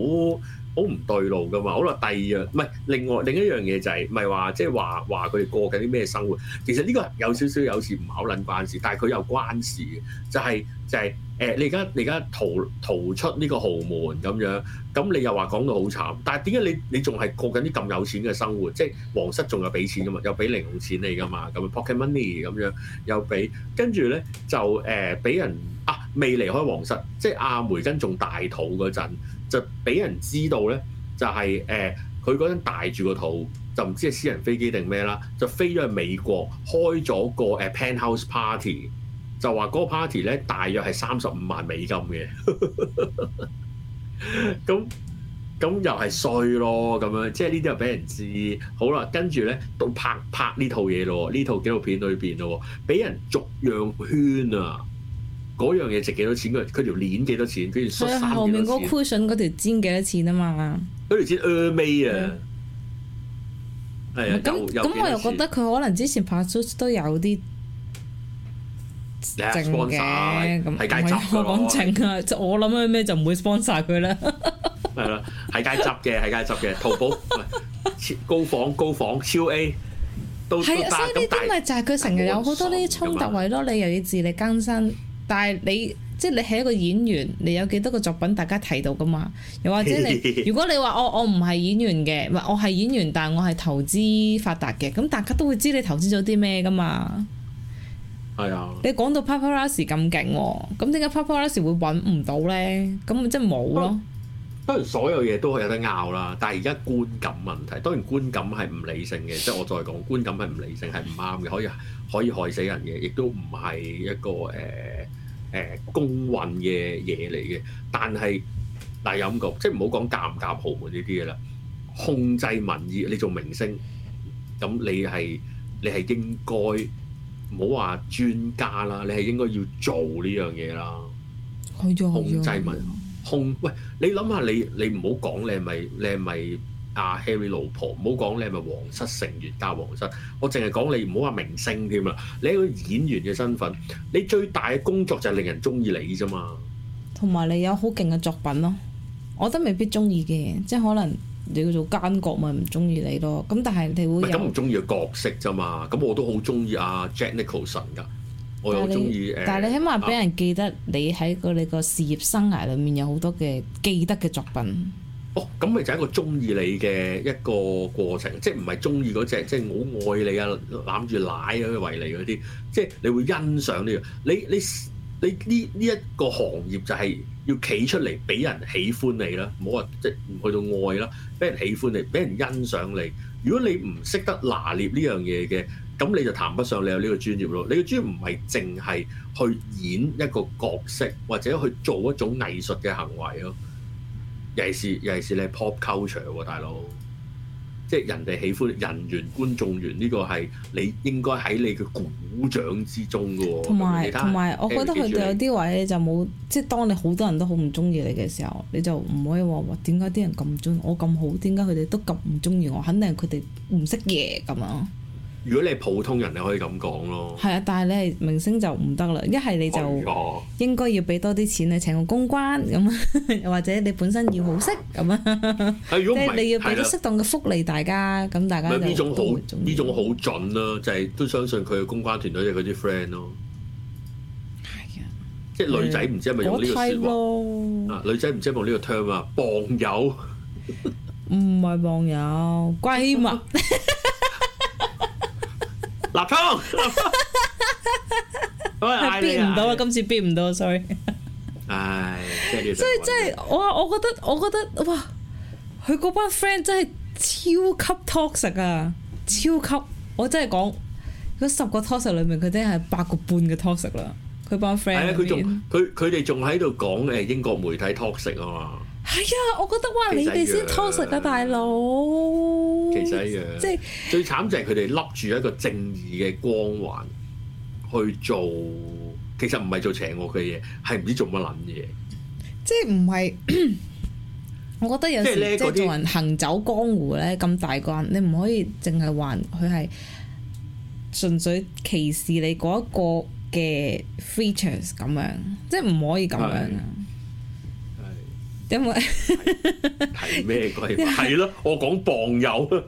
好唔對路㗎嘛？好啦，第二樣唔係另外另一樣嘢就係唔係話即係話話佢哋過緊啲咩生活？其實呢個有少少有時唔係好撚關事，有關係但有係佢又關事嘅，就係、是、就係、是、誒、呃、你而家而家逃逃出呢個豪門咁樣，咁你又話講到好慘，但係點解你你仲係過緊啲咁有錢嘅生活？即、就、係、是、皇室仲有俾錢㗎嘛，又俾零用錢你㗎嘛，咁 pocket money 咁樣又俾，跟住咧就誒俾、呃、人啊未離開皇室，即係阿梅根仲大肚嗰陣。就俾人知道咧，就係、是、誒，佢嗰陣大住個肚，就唔知係私人飛機定咩啦，就飛咗去美國，開咗個誒 penthouse party，就話嗰個 party 咧大約係三十五萬美金嘅，咁咁又係衰咯，咁樣即係呢啲又俾人知，好啦，跟住咧到拍拍呢套嘢咯，呢套紀錄片裏邊咯，俾人逐樣圈啊！嗰樣嘢值幾多錢？佢佢條鏈幾多錢？佢後面嗰個 cushion 嗰條尖幾多錢啊嘛？嗰條尖 earlier 啊，咁咁我又覺得佢可能之前拍都有啲正嘅，咁係街閘講正啊！我諗緊咩就唔會幫晒佢啦。係啦，係介閘嘅，係街閘嘅。淘寶高仿高仿超 A，係啊，所以呢啲咪就係佢成日有好多啲衝突位咯，你又要自力更生。但係你即係你係一個演員，你有幾多個作品大家睇到噶嘛？又或者你，如果你話我我唔係演員嘅，唔係我係演員，但係我係投資發達嘅，咁大家都會知你投資咗啲咩噶嘛？係啊！你講到 Paparazzi 咁勁喎，咁點解 Paparazzi 會揾唔到咧？咁即係冇咯。當然所有嘢都係有得拗啦，但係而家觀感問題，當然觀感係唔理性嘅，即係我再講觀感係唔理性係唔啱嘅，可以可以害死人嘅，亦都唔係一個誒。誒，公運嘅嘢嚟嘅，但係但係咁，即係唔好講夾唔夾豪門呢啲嘢啦。控制民意，你做明星，咁你係你係應該唔好話專家啦，你係應該要做呢樣嘢啦。控制民意，控，喂，你諗下你你唔好講你係咪你係咪？阿 Harry 老婆，唔好講你係咪皇室成員加皇室，我淨係講你唔好話明星添啦。你一個演員嘅身份，你最大嘅工作就係令人中意你啫嘛。同埋你有好勁嘅作品咯，我都未必中意嘅，即係可能你叫做奸角咪唔中意你咯。咁但係你會咁唔中意嘅角色啫嘛。咁我都好中意阿 Jack Nicholson 噶，我又中意。但係你，欸，你起碼俾人記得，你喺個你個事業生涯裏面有好多嘅記得嘅作品。哦，咁咪就係一個中意你嘅一個過程，即係唔係中意嗰隻，即係我愛你啊，攬住奶咁樣為你嗰啲，即係你會欣賞呢樣。你你你呢呢一個行業就係要企出嚟俾人喜歡你啦，唔好話即係唔去到愛啦，俾人喜歡你，俾人，人欣賞你。如果你唔識得拿捏呢樣嘢嘅，咁你就談不上你有呢個專業咯。你嘅專業唔係淨係去演一個角色或者去做一種藝術嘅行為咯。尤其是，尤其是你係 pop culture 大佬，即係人哋喜歡，人緣觀眾緣呢個係你應該喺你嘅鼓掌之中嘅喎。同埋同埋，我覺得佢哋有啲位就冇，即係當你好多人都好唔中意你嘅時候，你就唔可以話哇，點解啲人咁中意我咁好，點解佢哋都咁唔中意我？肯定係佢哋唔識嘢咁樣！如果你係普通人，你可以咁講咯。係啊，但係你係明星就唔得啦。一係你就應該要俾多啲錢你請個公關咁，又或者你本身要好識咁啊。即係你要俾啲適當嘅福利大家，咁大家就都呢種好準啦，就係都相信佢嘅公關團隊，即係佢啲 friend 咯。係啊，即係女仔唔知係咪用呢個説話啊？女仔唔知係咪用呢個 term 啊，傍友。唔係傍友，閨蜜。立康，係編唔到啊！你今次編唔到，sorry。唉、 哎，即係即係我，我覺得我覺得哇，佢嗰班 friend 真係超級 toxic 啊！超級，我真係講嗰十個 toxic 裡面，佢真係八個半嘅 toxic 啦。佢班 friend 佢仲佢佢哋仲喺度講誒英國媒體 toxic 啊嘛。係啊、哎，我覺得哇，你哋先拖實啊，大佬！其實一樣，即係最慘就係佢哋笠住一個正義嘅光環去做，其實唔係做邪惡嘅嘢，係唔知做乜撚嘢。即係唔係？我覺得有時即係做人行走江湖咧，咁大個人，你唔可以淨係話佢係純粹歧視你嗰一個嘅 features 咁樣，即係唔可以咁樣。因為係咩鬼？係咯，我講傍友，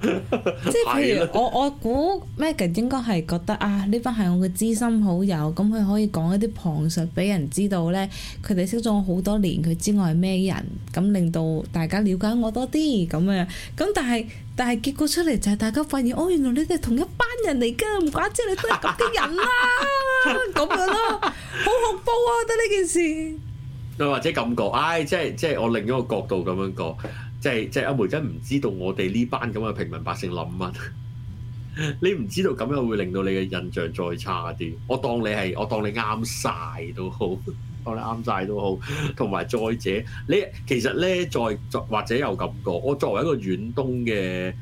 即係譬如我我估 Megan 應該係覺得啊，呢班係我嘅知心好友，咁、嗯、佢可以講一啲旁述俾人知道咧，佢哋識咗我好多年，佢知我係咩人，咁令到大家了解我多啲咁樣。咁但係，但係結果出嚟就係大家發現哦，原來你哋同一班人嚟噶，唔怪之你都係咁嘅人啦、啊，咁 樣咯，好恐怖啊！我覺得呢件事。又或者咁講，唉、哎，即係即係我另一個角度咁樣講，即係即係、啊、阿梅真唔知道我哋呢班咁嘅平民百姓諗乜？ 你唔知道咁樣會令到你嘅印象再差啲。我當你係我當你啱晒都好，當你啱晒都好。同埋再者，你其實咧再，作或者有咁講，我作為一個遠東嘅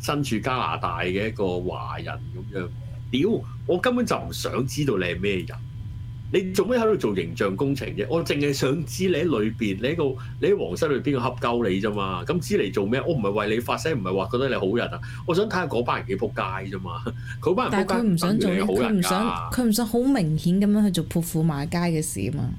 身處加拿大嘅一個華人咁樣，屌我根本就唔想知道你係咩人。你做咩喺度做形象工程啫？我淨係想知你喺裏邊，你喺個你喺皇室裏邊邊個恰鳩你咋嘛？咁知你做咩？我唔係為你發聲，唔係話覺得你好人啊！我想睇下嗰班人幾仆街咋嘛？佢班人係佢唔想做好人，佢唔想好明顯咁樣去做潑婦罵街嘅事嘛？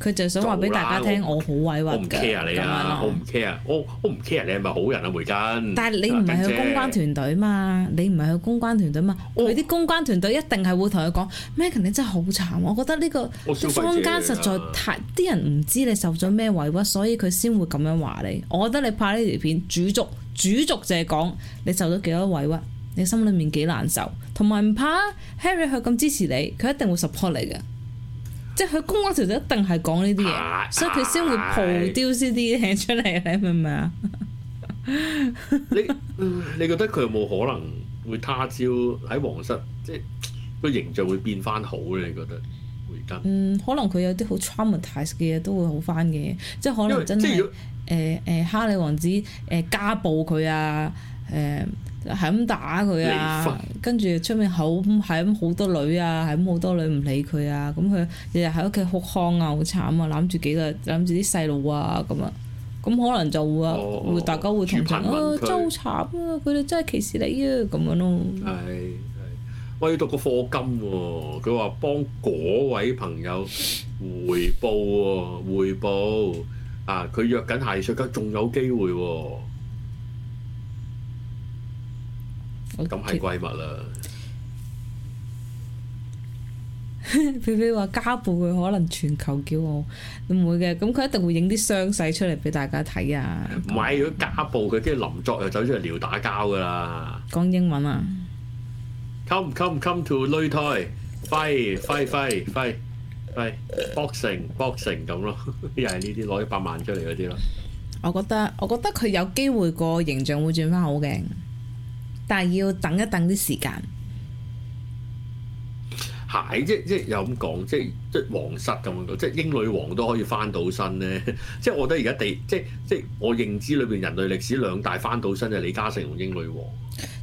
佢就想話俾大家聽，啦我好委屈，我唔不 care、嗯、你啊，樣我唔 care，我我唔 care 你係咪好人啊，梅根？但係你唔係佢公關團隊嘛？著你唔係佢公關團隊嘛？佢啲我公關團隊一定係會同佢講，Meghan 你真係好慘，我覺得呢、這個坊間實在太啲人唔知你受咗咩委屈，所以佢先會咁樣話你。我覺得你拍呢條片，主軸主軸就係講你受咗幾多委屈，你心裡面幾難受，同埋唔怕 Harry 佢咁支持你，佢一定會 support 你嘅。即係佢公關團隊一定係講呢啲嘢，啊、所以佢先會抱丟呢啲嘢出嚟，你明唔明啊？ 你你覺得佢有冇可能會他朝喺皇室即係個形象會變翻好咧？你覺得？嗯，可能佢有啲好 traumatise 嘅嘢都會好翻嘅，即係可能真係誒誒，哈利王子誒家、呃、暴佢啊誒。呃係咁打佢啊，跟住出面好係咁好多女啊，係咁好多女唔理佢啊，咁佢日日喺屋企哭腔啊，好慘啊，攬住幾個攬住啲細路啊，咁啊，咁可能就會啊、哦，會、大家會同情啊，真好慘啊，佢哋真係歧視你啊，咁樣咯。係係、哎哎，我要讀個課金喎、啊，佢話幫嗰位朋友回報喎、啊， 回報啊，佢約緊下月出街，仲有機會喎、啊。咁係閨蜜啦。菲菲話家暴佢可能全球叫我唔會嘅，咁佢一定會影啲傷勢出嚟俾大家睇啊！唔係，如果家暴佢跟住林作又走出嚟撩打交噶啦。講英文啊！Come come come to 擂台，揮揮揮揮揮 boxing boxing 咁咯，又係呢啲攞一百萬出嚟嗰啲咯。我覺得，我覺得佢有機會個形象會轉翻好嘅。但係要等一等啲時間，係即即又咁講，即即皇室咁樣講，即英女王都可以翻到身咧。即我覺得而家地即即我認知裏邊人類歷史兩大翻到身就李嘉誠同英女王。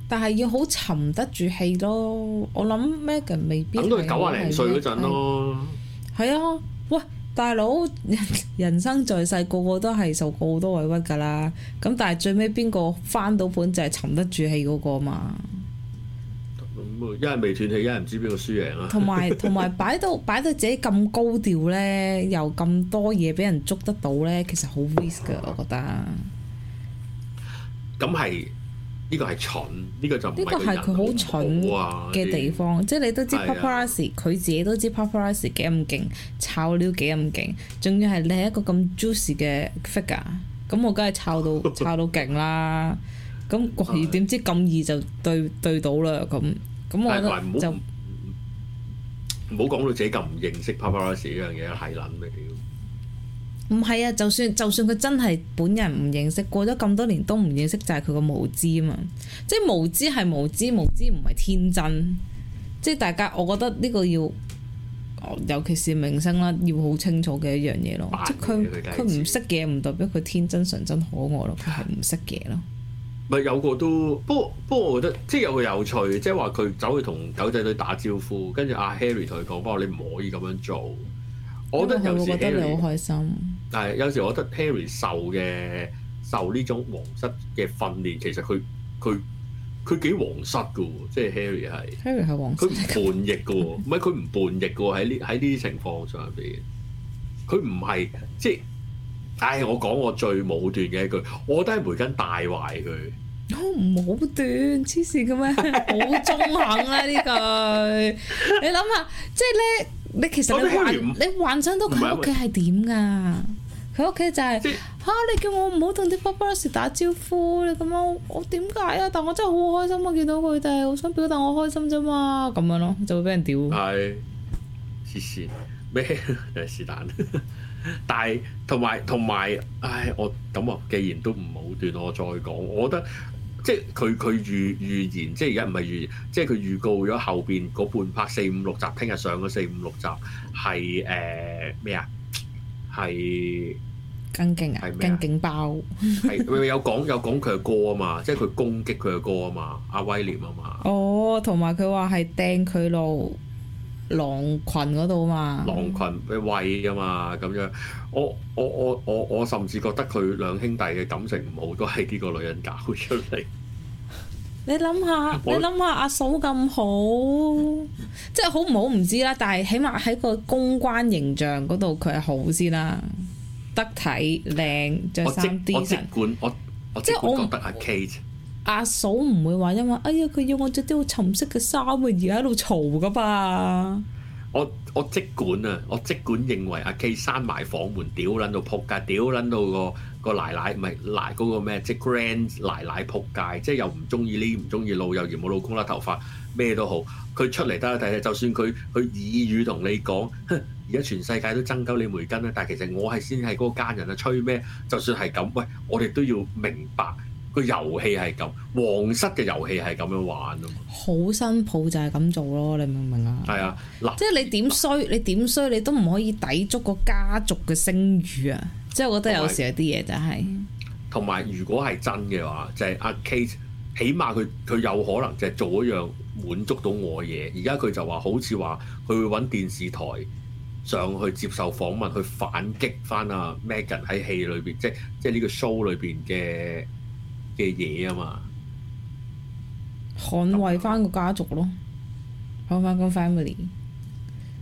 但係要好沉得住氣咯，我諗 Meghan 未必等到佢九啊零歲嗰陣咯。係啊，哇！大佬，人生在世，個個都係受過好多委屈㗎啦。咁但係最尾邊個翻到本，就係沉得住氣嗰個嘛。咁啊，一係未斷氣，一係唔知邊個輸贏啦。同埋同埋，擺到擺到自己咁高調呢，又咁多嘢俾人捉得到呢，其實好 risk 㗎，我覺得。咁係。呢個係蠢，呢、這個就呢個係佢好蠢嘅地方，地方麼即係你都知 Paparazzi 佢的自己都知 Paparazzi 幾咁勁，炒料幾咁勁，仲要係你係一個咁 juicy 嘅 figure，咁我梗係炒到 炒到勁啦。咁怪，點知咁易就對對到啦？咁咁我覺得就唔好講到自己咁唔認識 Paparazzi 呢樣嘢，係撚咩唔係啊！就算就算佢真係本人唔認識，過咗咁多年都唔認識，就係佢個無知啊嘛！即係無知係無知，無知唔係天真。即係大家，我覺得呢個要，尤其是明星啦，要好清楚嘅一樣嘢咯。話即佢佢唔識嘅嘢，唔是代表佢天真純真可愛咯。佢係唔識嘅嘢咯。咪、啊、有個都，不過不過，我覺得即係有個有趣，即係話佢走去同狗仔隊打招呼，跟住阿 Harry 同佢講：不過你唔可以咁樣做。我覺得有時，我覺得你好開心。但係 有時我覺得 Harry 受嘅受呢種皇室嘅訓練，其實佢佢佢幾皇室嘅喎，即係 Harry 係。Harry 係皇室。佢唔叛逆嘅喎，唔係佢唔叛逆嘅喎，喺呢喺呢啲情況上邊，佢唔係即係。唉，我講我最武斷嘅一句，我覺得梅根帶壞佢。唔武、哦、斷，黐線嘅咩？好 中肯啦，呢句。你諗下，即係咧，你其實你幻跟你幻想到佢屋企係點㗎？喺屋企就係、是、嚇是、啊、你叫我唔好同啲 b o l o s 打招呼，你咁樣我點解啊？但我真係好開心啊！見到佢，哋，好想表達我開心啫嘛、啊，咁樣咯，就會俾人屌。係、哎，是是咩？ 但是但，但係同埋同埋，唉，我咁啊，既然都唔好斷，我再講。我覺得即係佢佢預預言，即係而家唔係預言，即係佢預告咗後邊嗰半拍四五六集，聽日上嗰四五六集係誒咩啊？係。呃更勁啊！更勁爆係 有講有講佢嘅歌啊嘛，即係佢攻擊佢嘅歌啊嘛，阿威廉啊嘛。哦，同埋佢話係掟佢落，狼群嗰度嘛，狼群喂啊嘛咁樣。我我我我我甚至覺得佢兩兄弟嘅感情唔好都係呢個女人搞出嚟。 你諗下，我你諗下阿嫂咁好， 即係好唔好唔知啦，但係起碼喺個公關形象嗰度佢係好先啦。得睇靚著衫啲人，即係我覺得阿 Kate 阿嫂唔會話，因為哎呀佢要我著啲好沉色嘅衫，而家喺度嘈噶嘛。我我即管啊，我即管認為阿 Kate 閂埋房門，屌撚到撲街，屌撚到個個奶奶唔係嗱，嗰個咩即 grand 奶奶撲街，即係又唔中意呢，唔中意路，又嫌我老公甩頭髮咩都好。佢出嚟得啊，但係就算佢佢耳語同你講，哼，而家全世界都爭鳩你梅根咧，但係其實我係先係嗰個奸人啊，吹咩？就算係咁，喂，我哋都要明白個遊戲係咁，皇室嘅遊戲係咁樣玩啊嘛。好新抱就係咁做咯，你明唔明啊？係啊，嗱，即係喇你點衰，你點衰，你都唔可以抵觸個家族嘅聲譽啊！即係我覺得有時有啲嘢就係。同埋，如果係真嘅話，就係阿 Kate。?起碼佢佢有可能就係做一樣滿足到我嘅嘢。而家佢就話好似話佢會揾電視台上去接受訪問，去反擊翻阿 Meghan 喺戲裏邊，即即呢個 show 裏邊嘅嘅嘢啊嘛，捍衞翻個家族咯，捍衞翻個 family。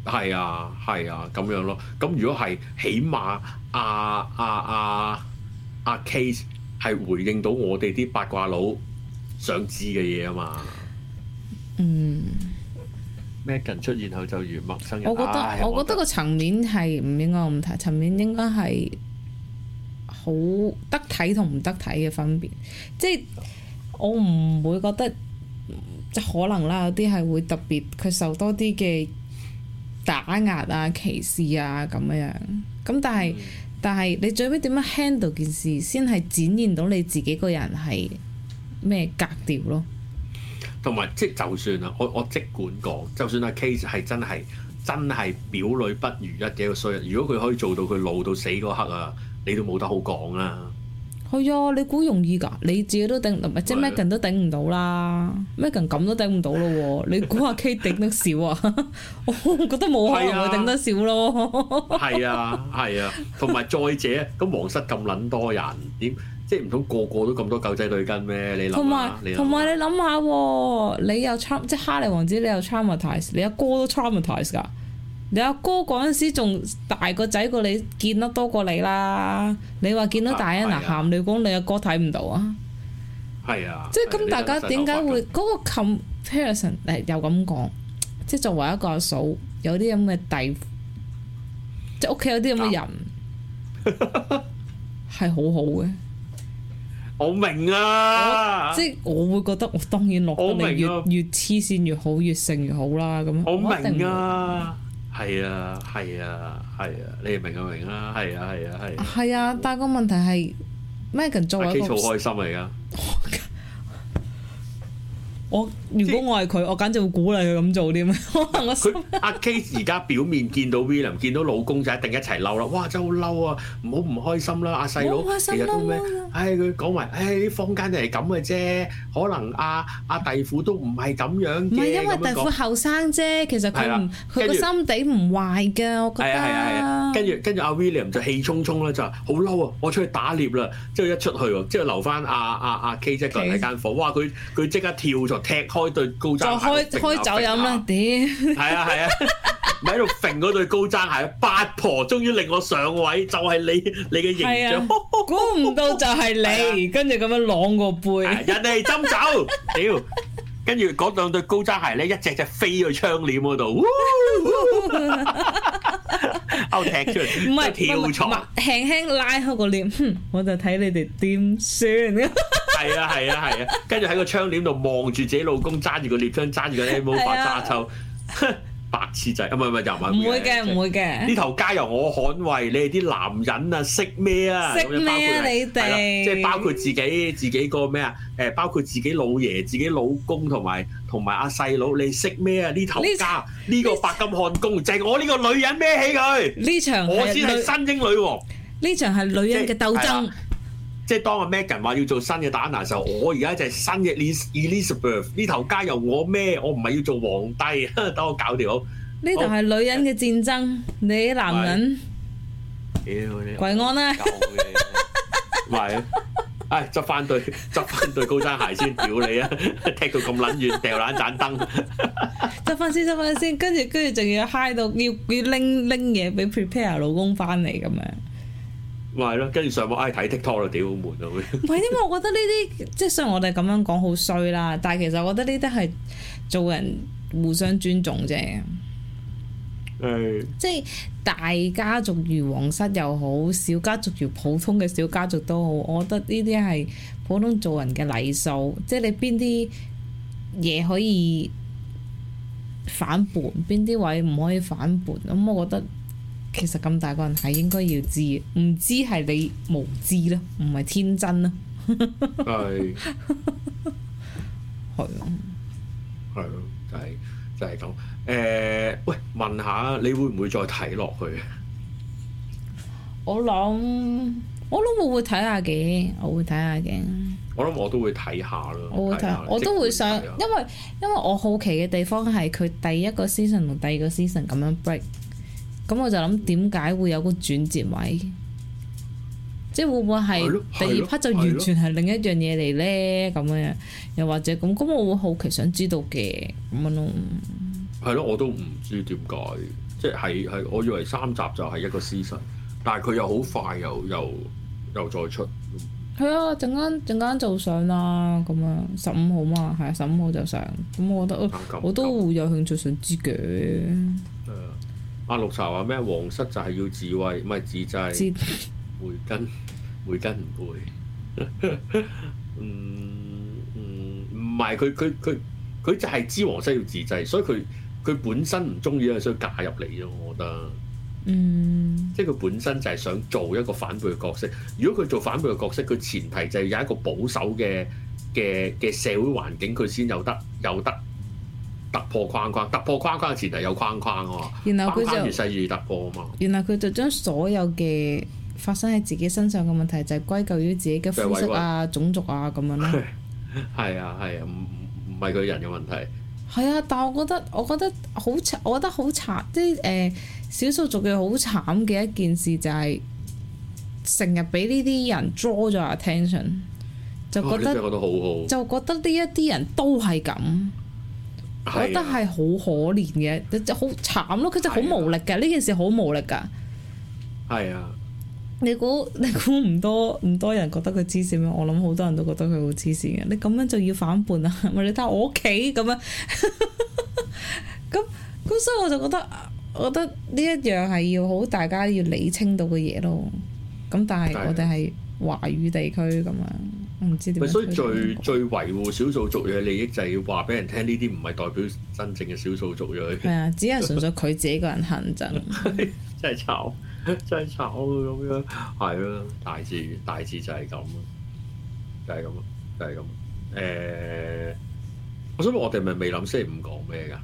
係啊，係啊，咁樣咯。咁如果係起碼阿阿阿阿 Case 係回應到我哋啲八卦佬想知嘅嘢啊嘛，嗯 Meghan 出現後就如陌生人。我覺得、哎、我覺得，我得個層面係唔應該咁睇，層面應該係好得體同唔得體嘅分別。即係我唔會覺得即可能啦，有啲係會特別佢受多啲嘅打壓啊、歧視啊咁樣。咁但係、嗯、但係你最尾點樣 handle 件事先係展現到你自己個人係？咩格調咯？同埋即係就算啊，我我即管講，就算阿 K 係真係真係表裏不如一嘅衰人，如果佢可以做到佢老到死嗰刻啊，啊，你都冇得好講啦。係啊，你估容易㗎？你自己都頂唔到，啊、即係 Megan 都頂唔到啦。Megan 咁都頂唔到咯喎， 你估下 K 頂得少啊？ 我覺得冇可能，佢頂得少咯。係啊，係 啊，同埋、啊啊 啊、再者，咁皇室咁撚多人點？即係唔通個個都咁多狗仔隊跟咩？你諗下，你諗下，你諗下，你又即係《哈利王子》，你又 traumatize，你阿哥都 traumatize 㗎。你阿哥嗰陣時仲大個仔過你，見得多過你啦。你話見到戴安娜喊，你講你阿哥睇唔到啊？係啊！即係咁，大家點解會嗰個 comparison 誒又咁講？即係作為一個阿嫂，有啲咁嘅弟，即係屋企有啲咁嘅人係好好嘅。我明啊！即係我會覺得，我當然落得嚟越越黐線越好，越性越好啦！咁，我明啊！係啊，係啊，係啊，你明啊，明啊，係啊，係啊，係。係啊，但係個問題係 Meghan 作為一個開心嚟㗎。我如果我係佢，我簡直會鼓勵佢咁做啲咩？可能我心。阿 K 而家表面見到 William 見到老公就一定一齊嬲啦！哇，真係好嬲啊！唔好唔開心啦，阿細佬其實都咩？唉，佢講埋唉，坊間就係咁嘅啫。可能阿阿弟婦都唔係咁樣。唔係因為弟婦後生啫，其實佢唔，佢個心底唔壞嘅，我覺得。係係啊。跟住跟住阿 William 就氣沖沖啦，就話好嬲啊！我出去打獵啦，即係一出去即係留翻阿阿阿 K 即係隔離間房。哇！佢佢即刻跳出。踢開對高踭鞋，再開酒飲啦！屌，係啊係啊，咪喺度揈嗰對高踭鞋，八婆終於令我上位，就係你你嘅形象，估唔到就係你，跟住咁樣攞個背，人哋斟酒，屌，跟住嗰兩對高踭鞋咧，一隻隻飛去窗簾嗰度，我踢出嚟，唔係跳牀，輕輕拉開個簾，哼，我就睇你哋點算。係啊，係啊，係啊，跟住喺個窗簾度望住自己老公揸住個獵槍，揸住個 M 八揸抽，白痴仔啊！唔係唔係廿唔會嘅，唔會嘅。呢頭 alt. 家由我捍衞，你哋啲男人啊識咩啊？咁包括你哋即係包括自己自己個咩啊？誒，包括自己老爺、自己老公同埋同埋阿細佬，你識咩啊？呢頭家呢這這條 個白金漢宮就係、是、我呢個女人孭起佢。呢對場我知係巾幗女王，呢場係女人嘅鬥爭。就是即係當阿 Meghan 話要做新嘅打拿時候，我而家就係新嘅 Elizabeth 呢頭家由我孭？我唔係要做皇帝，等我搞掂好。呢度係女人嘅戰爭，你男人屌，跪安啦，埋啊！唉，執翻對執翻對高踭鞋先屌你啊！踢到咁撚遠，掉爛盞燈。執翻先，執翻先，跟住跟住仲要嗨到要要拎拎嘢俾 prepare 老公翻嚟咁樣。跟住 上網唉睇 TikTok 啦，屌悶啊！唔係，因為我覺得呢啲即係雖然我哋咁樣講好衰啦，但係其實我覺得呢啲係做人互相尊重啫。哎、即係大家族如皇室又好，小家族如普通嘅小家族都好，我覺得呢啲係普通做人嘅禮數。即係你邊啲嘢可以反叛，邊啲位唔可以反叛，咁、嗯、我覺得。其實咁大個人係應該要知，唔知係你無知咯，唔係天真咯。係係咯，係咯 吧，就係、是、就係、是、咁。誒、欸，喂，問下你會唔會再睇落去？我諗我諗我會睇下嘅，我會睇下嘅。我諗我都會睇下咯。下我會睇，下，我都會想，因為因為我好奇嘅地方係佢第一個 season 同第二個 season 咁樣 break。咁我就諗，點解會有個轉折位？即係會唔會係第二 part 就完全係另一樣嘢嚟呢？咁樣又或者咁，咁我會好奇想知道嘅咁樣咯。係咯，我都唔知點解，即係係，我以為三集就係一個屍神，但係佢又好快又又又再出。係啊，陣間陣間就上啦，咁樣十五號嘛，係啊十五號就上，咁我覺得咁樣我都會有興趣想知嘅。阿綠茶話咩？皇室就係要自衛，唔係自製。梅根，梅根唔會。嗯 嗯，唔係佢佢佢佢就係知皇室要自製，所以佢佢本身唔中意，所以想嫁入嚟咯，我覺得。嗯。即係佢本身就係想做一個反叛嘅角色。如果佢做反叛嘅角色，佢前提就係有一個保守嘅嘅嘅社會環境，佢先有得有得，有得突破框框，突破框框，前提有框框啊嘛，然後佢就，越細越突破啊嘛。然後佢就將所有嘅發生喺自己身上嘅問題就係歸咎於自己嘅膚色啊、慧種族啊咁樣咯。係啊係啊，唔唔係佢人嘅問題。係啊，但係我覺得我覺得好慘，我覺得好慘，即係誒少數族嘅好慘嘅一件事就係成日俾呢啲人 draw 咗 attention，就覺得就覺得好好，就覺得呢一啲人都係咁。我覺得係好可憐嘅，即係好慘咯。佢就好無力嘅，呢的件事好無力噶。係啊的，你估你估唔多唔多人覺得佢黐線咩？我諗好多人都覺得佢好黐線嘅。你咁樣就要反叛啊！咪你睇下我屋企咁樣，咁 咁所以我就覺得，我覺得呢一樣係要好大家要理清到嘅嘢咯。咁但係我哋係華語地區咁樣。唔知點解，所以最最維護少數族裔嘅利益就要話俾人聽，呢啲唔係代表真正嘅少數族裔。係啊，只係純粹佢自己一個人行陣 真係炒真係炒咁樣，係咯。大致大致就係咁，就係咁，就係咁。誒，我想問我哋咪未諗星期五講咩㗎？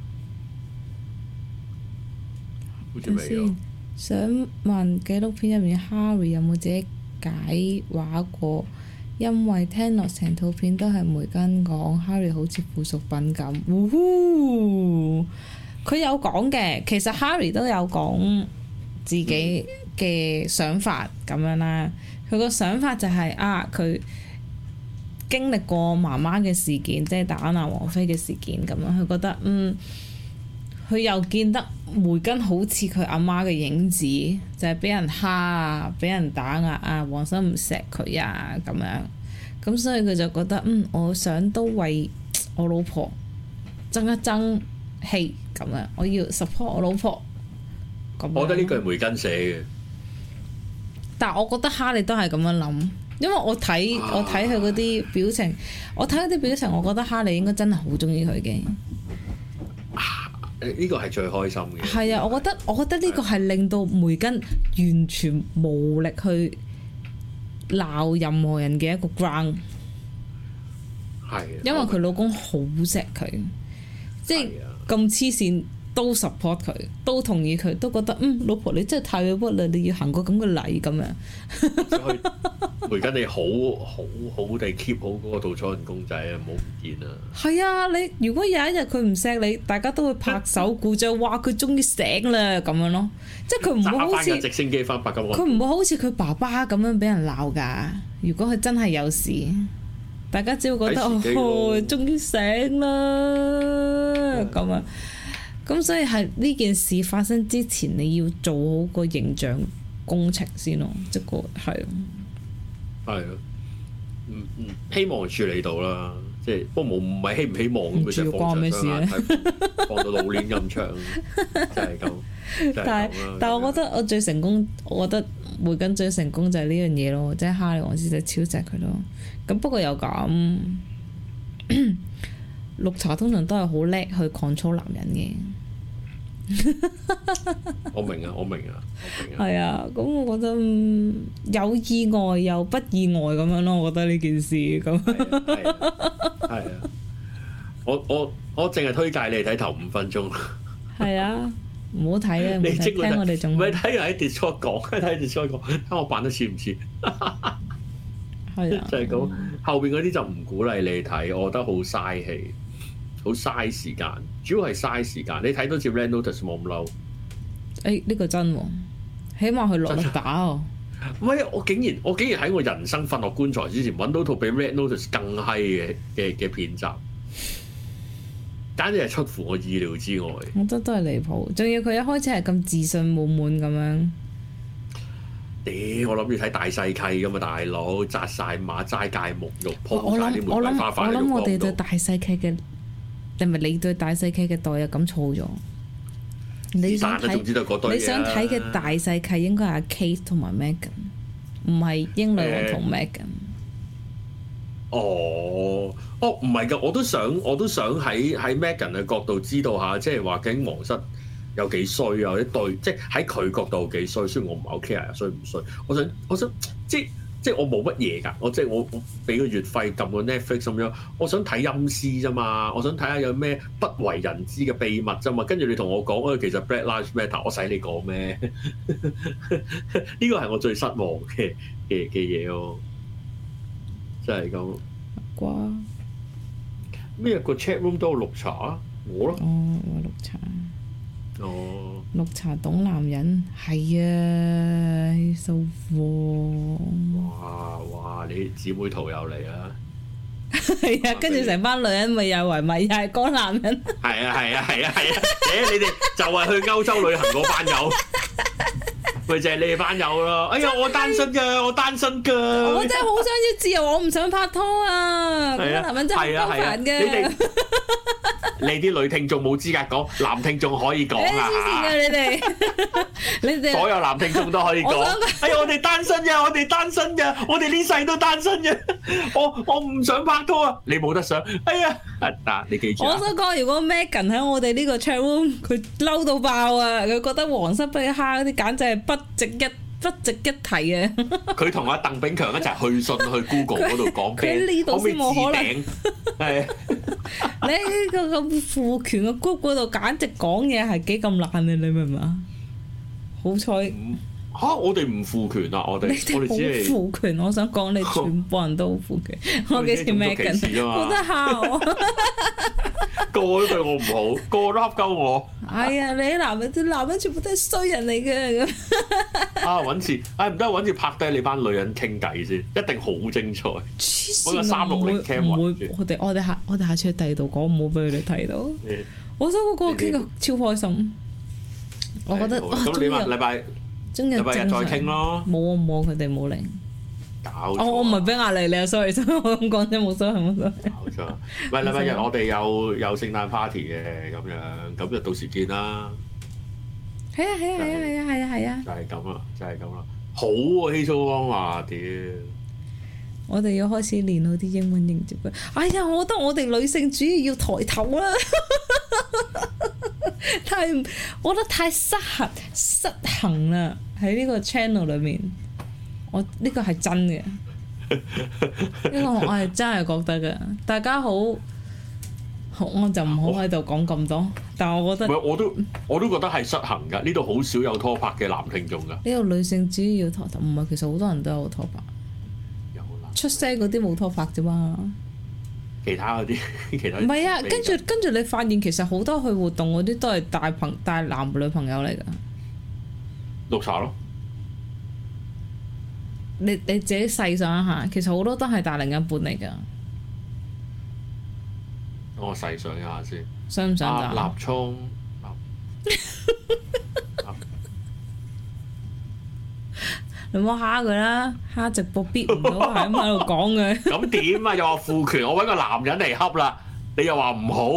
好似未啊！想問紀錄片入面 Harry 有冇自己解畫過？因為聽落成套片都係梅根講 Harry 好似附屬品咁，佢有講嘅，其實 Harry 都有講自己嘅想法咁樣啦。佢個想法就係、是、啊，佢經歷過媽媽嘅事件，即係戴安娜王妃嘅事件咁樣，佢覺得嗯。佢又見得梅根好似佢阿媽嘅影子，就係、是、俾人蝦啊，俾人打壓啊，王心唔錫佢啊咁樣，咁所以佢就覺得嗯，我想都為我老婆爭一爭氣咁樣，我要 support 我老婆。咁樣我覺得呢句梅根寫嘅，但係我覺得哈利都係咁樣諗，因為我睇、啊、我睇佢嗰啲表情，我睇佢啲表情，我覺得哈利應該真係好中意佢嘅。呢個係最開心嘅。係啊的，我覺得的我覺得呢個係令到梅根完全無力去鬧任何人嘅一個 ground 的。係。因為佢老公好錫佢，的即係咁黐線。的都 support 佢，都同意佢，都覺得嗯，老婆你真係太委屈啦，你要行個咁嘅禮咁樣。而 家你好好好地 keep 好嗰個稻草人公仔啊，唔好唔見啊。係啊，你如果有一日佢唔錫你，大家都會拍手鼓掌，話佢終於醒啦咁樣咯。即係佢唔會好似直升機翻白金。佢唔會好似佢爸爸咁樣俾人鬧㗎。如果佢真係有事，大家只會覺得哦，終於醒啦咁啊。嗯咁所以係呢件事發生之前，你要做好個形象工程先咯，即、就、係、是那個係咯，係咯、嗯，嗯希望處理到啦，即係不過冇唔係希唔希望咁嘅事，關咩事咧？放咗老咁長就係咁、就是。但係但係，我覺得我最成功， 我覺得梅根最成功就係呢樣嘢咯，即係哈利王子就超正佢咯。咁不過又咁， 綠茶通常都係好叻去 control 男人嘅。 我明啊，我明啊，我明啊。係啊，咁我覺得、嗯、有意外又不意外咁樣咯。我覺得呢件事咁，係 啊，啊，啊，我我我淨係推介你睇頭五分鐘。係啊，唔 聽好睇 啊，你即聽我哋仲唔係睇人喺 Discord 講，睇 Discord 講睇我扮得似唔似？係啊，就係咁，後邊嗰啲就唔鼓勵你睇，我覺得好嘥氣。好嘥時間，主要係嘥時間。你睇到隻《Red Notice》冇咁嬲？誒，呢個真喎、喔，起碼佢落得打哦、喔。唔係，我竟然我竟然喺我人生瞓落棺材之前揾到套比《Red Notice》更閪嘅嘅嘅片集，簡直係出乎我意料之外。我覺得都係離譜，仲要佢一開始係咁自信滿滿咁樣。欸，屌，我諗住睇大細契㗎嘛，大佬扎晒馬齋戒沐浴鋪曬啲玫瑰花瓣嚟，我諗我哋嘅大細契嘅。定係你對大細劇嘅代入感錯咗。你想睇你想睇嘅大細劇應該係 Kate 同埋 Megan，唔係英女王同 Megan、欸。哦，哦，唔係噶，我都想，我都想喺喺 Megan 嘅角度知道下，即係話究竟皇室有幾衰啊？或者對即係喺佢角度幾衰，雖然我唔係 OK a 衰唔衰。我想，我想即係。即係我冇乜嘢㗎，我即係我我俾個月費撳個 Netflix 咁樣，我想睇陰屍啫嘛，我想睇下有咩不為人知嘅秘密啫嘛，跟住你同我講其實 Black Lives Matter，我使你講咩？呢個係我最失望嘅嘅嘅嘢咯，即係講瓜咩個 chat room 都有綠茶啊，我咯。哦，綠茶。哦，綠茶懂男人，係啊，收貨。哇哇，你姊妹淘又嚟啦！係啊，跟住成班女人咪又為咪又講男人。係啊係啊係啊係啊，誒你哋就係去歐洲旅行嗰班友。咪 就係你哋班友咯！哎呀，我單身噶，我單身噶。 我真係好想要自由，我唔想拍拖啊！咁啊，男人真係好煩嘅。你哋，你啲女聽眾冇資格講，男聽眾可以講啊！黐線㗎，你哋，你哋所有男聽眾都可以講。想哎呀，我哋單身㗎，我哋單身㗎，我哋呢世都單身㗎。 我我唔想拍拖啊！你冇得想。 哎呀，嗱、啊，你記住。我想講，如果 Megan 喺我哋呢個唱 room，佢嬲到爆啊！佢覺得皇室不嘅蝦嗰啲簡直不值一不值一提嘅，佢同阿鄧炳強一齊去信去 Google 嗰度講嘢， 佢喺呢度先冇可能。係 你喺個咁富權嘅 Google 度，簡直講嘢係幾咁爛啊！你明唔明啊？好彩、嗯。嚇！我哋唔負權啊！我哋我哋知負權，我想講你全部人都好負權。我幾時咩緊？得都我？個個都對我唔好，個個都恰鳩我。哎呀，你男人，男人全部都係衰人嚟嘅咁。啊！揾次，哎，唔得，揾次拍低你班女人傾偈先，一定好精彩。黐線，我唔會唔會，我哋我哋下我哋下次去第二度講，唔好俾佢哋睇到。我想得我個傾得超開心。我覺得哇！禮拜？禮拜日再傾咯，冇啊冇，啊，佢哋冇嚟。搞我唔係俾壓力你啊，sorry，所以我咁講啫，冇所謂冇所謂。搞錯，唔係禮拜日我哋有有聖誕 party 嘅咁樣，咁就到時見啦。係啊係啊係啊係啊係啊係啊！啊啊啊啊就係咁咯，就係咁咯，好啊希蘇光啊屌！我哋要開始練好啲英文迎接佢。哎呀，我覺得我哋女性主義要抬頭啦， 太，我覺得太失衡，失衡啦喺呢個 channel 裏面。我呢、呢個係真嘅，呢個 我係、哎、真係覺得嘅。大家好，好，我就唔好喺度講咁多。我但我覺得，我都我都覺得係失衡㗎。呢度好少有拖拍嘅男聽眾㗎。呢度女性主義要抬頭，唔係其實好多人都有拖拍。出聲嗰啲冇拖拍啫嘛，其他嗰啲，其他唔係啊，跟住跟住你發現其實好多去活動嗰啲都係帶朋帶男女朋友嚟㗎，綠茶咯，你你自己細想一下，其實好多都係帶另一半嚟㗎，我細想一下先，想唔想立葱。啊 你摸蝦佢啦，蝦直播必唔到。好喺度講嘅。咁點啊？又話父權，我搵個男人嚟恰啦，你又話唔好。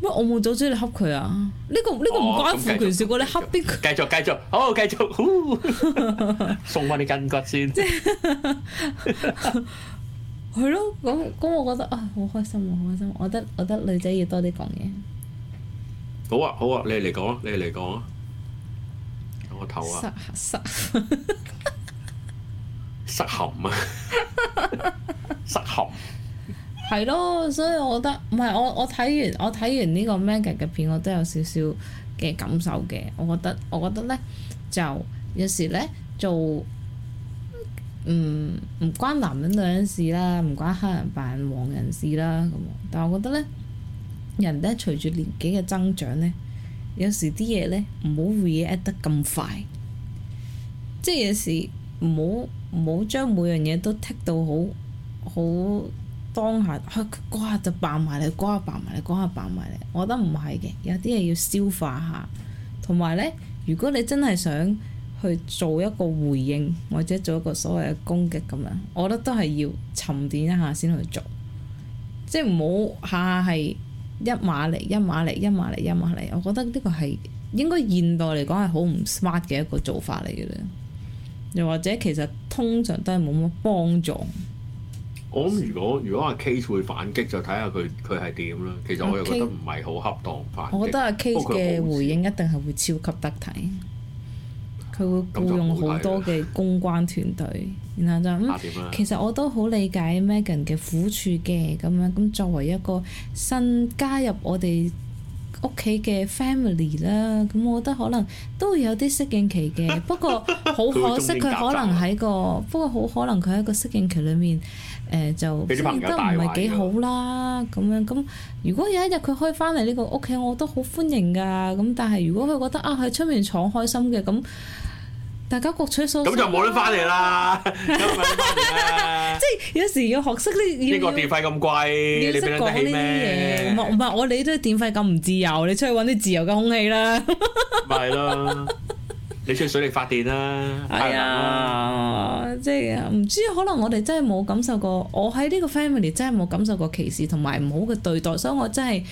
喂，我冇阻止你恰佢啊！呢個呢個唔關父權事，哥你恰必繼續繼續，好繼續，送翻啲筋骨先。係咯，咁咁，我覺得啊，好開心好開心！我覺得我覺得女仔要多啲講嘢。好啊好啊，你嚟講你嚟講啊，我抖啊。失控啊！ 失控，係咯，所以我覺得唔係，我我睇完我睇完呢個 Meghan 嘅片，我都有少少嘅感受嘅。我覺得我覺得咧，就有時咧做，嗯，唔關男人女人事啦，唔關黑人扮黃人事啦。咁，但係我覺得咧，人咧隨住年紀嘅增長咧，有時啲嘢咧唔好 react 得咁快，即係有時唔好。唔好將每樣嘢都剔到好好當下，佢、啊、嗰下就爆埋你，嗰下爆埋你，嗰下爆埋你。我覺得唔係嘅，有啲嘢要消化下。同埋咧，如果你真係想去做一個回應，或者做一個所謂嘅攻擊咁樣，我覺得都係要沉澱一下先去做。即係唔好下下係一馬力，一馬力，一馬力，一馬力。我覺得呢個係應該現代嚟講係好唔 smart 嘅一個做法嚟嘅咧。又或者其實通常都係冇乜幫助。我諗，如果如果阿 case 會反擊，就看看，就睇下佢佢係點啦。其實我又覺得唔係好恰當反。我覺得阿 case 嘅回應一定係會超級得體。佢會雇用好多嘅公關團隊， 然後就、嗯、樣樣其實我都好理解 Meghan 嘅苦處嘅咁樣。咁作為一個新加入我哋屋企嘅 family 啦，咁我覺得可能都會有啲適應期嘅。 不過好可惜，佢可能喺個， 不過好可能佢喺個適應期裏面，誒、呃、就表現得唔係幾好啦。咁樣咁，如果有一日佢可以翻嚟呢個屋企，我都好歡迎㗎。咁但係如果佢覺得啊，喺出面闖開心嘅咁。大家各取所需，啊，咁就冇得翻嚟啦。即係有時要學識呢，英國電費咁貴，你識講呢啲嘢，唔係 我哋都電費咁唔自由，你出去揾啲自由嘅空氣啦。咪係咯。你出去水力發電啦，係啊，即係唔知可能我哋真係冇感受過，我喺呢個 family 真係冇感受過歧視同埋唔好嘅對待，所以我真係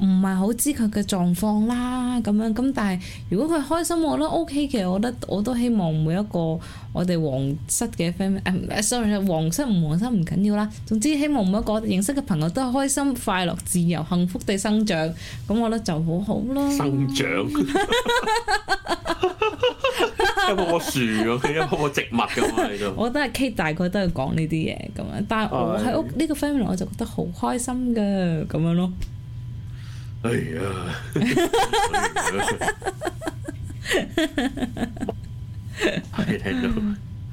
唔係好知佢嘅狀況啦咁樣。咁但係如果佢開心，我覺得 OK 嘅。其實我覺得我都希望每一個。我哋皇室嘅 family，誒、啊、sorry，皇室唔皇室唔緊要啦。總之希望每一個認識嘅朋友都開心、快樂、自由、幸福地生長，咁我覺得就好好咯。生長，一 棵 樹咁，一棵植物咁喺度。 就我覺得 K 大概都係講呢啲嘢咁樣，但係我喺屋呢個 family 唉我就覺得好開心嘅咁樣咯哎。哎呀！ 係係咯，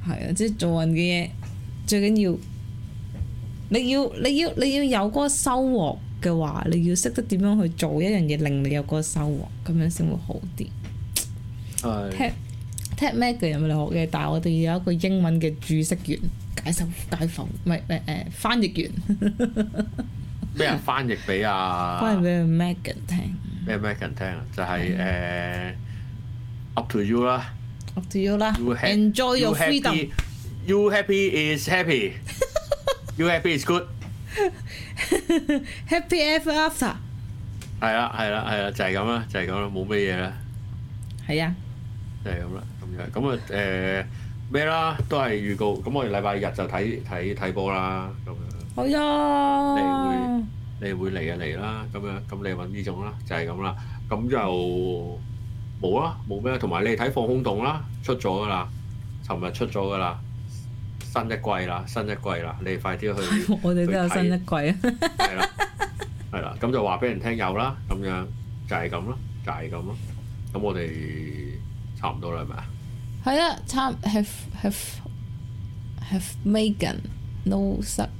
係啊！ 即、就、係、是、做人嘅嘢，最緊要你要你要你要有嗰個收穫嘅話，你要識得點樣去做一樣嘢，令你有嗰個收穫，咁樣先會好啲。係 tap tap Megan 有冇你學嘅？但係我哋要有一個英文嘅注釋員解說解剖，唔係唔係誒翻譯員。俾、呃、 人翻譯俾啊，翻譯俾 Megan 聽咩 Megan 聽啊就係、是、誒的、uh, up to you 啦。到你啦，enjoy your freedom。You happy is happy。You happy is good。Happy ever after。係啦，係啦，係啦，就係咁啦，就係咁啦，冇咩嘢啦。係啊，就係咁啦，咁樣，咁啊，誒咩啦，都係預告。咁我哋禮拜日就睇睇睇波啦，咁樣。好啊。你會你會嚟啊嚟啦，咁樣，咁你揾呢種啦，就係咁啦，咁就。冇啦，冇咩，同埋你睇《放空洞》啦，出咗噶啦，尋日出咗噶啦，新一季啦，新一季啦，你哋快啲去，我哋都有新一季啊，係啦，係啦，咁就話俾人聽有啦，咁樣就係咁咯，就係咁咯，咁我哋差唔多啦，係咪啊？係啊，差 have have have made no sense。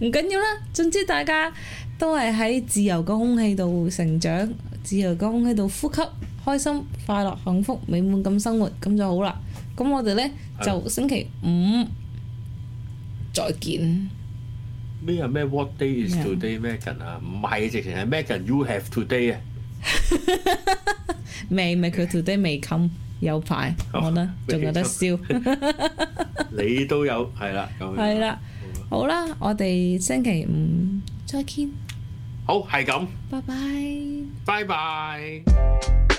唔緊要啦，總之大家都係喺自由嘅空氣度成長，自由嘅空氣度呼吸，開心、快樂、幸福、美滿咁生活，咁就好啦。咁我哋咧就星期五再見。咩啊咩？What day is today, Meghan 啊？唔係，直情係 Meghan，You have today 啊 未，未佢 today 未 come。有排、oh, 我呢呢，仲有得笑。 你都有係啦，係啦，好啦，我哋星期五再見。好，係咁。拜拜 bye。拜拜。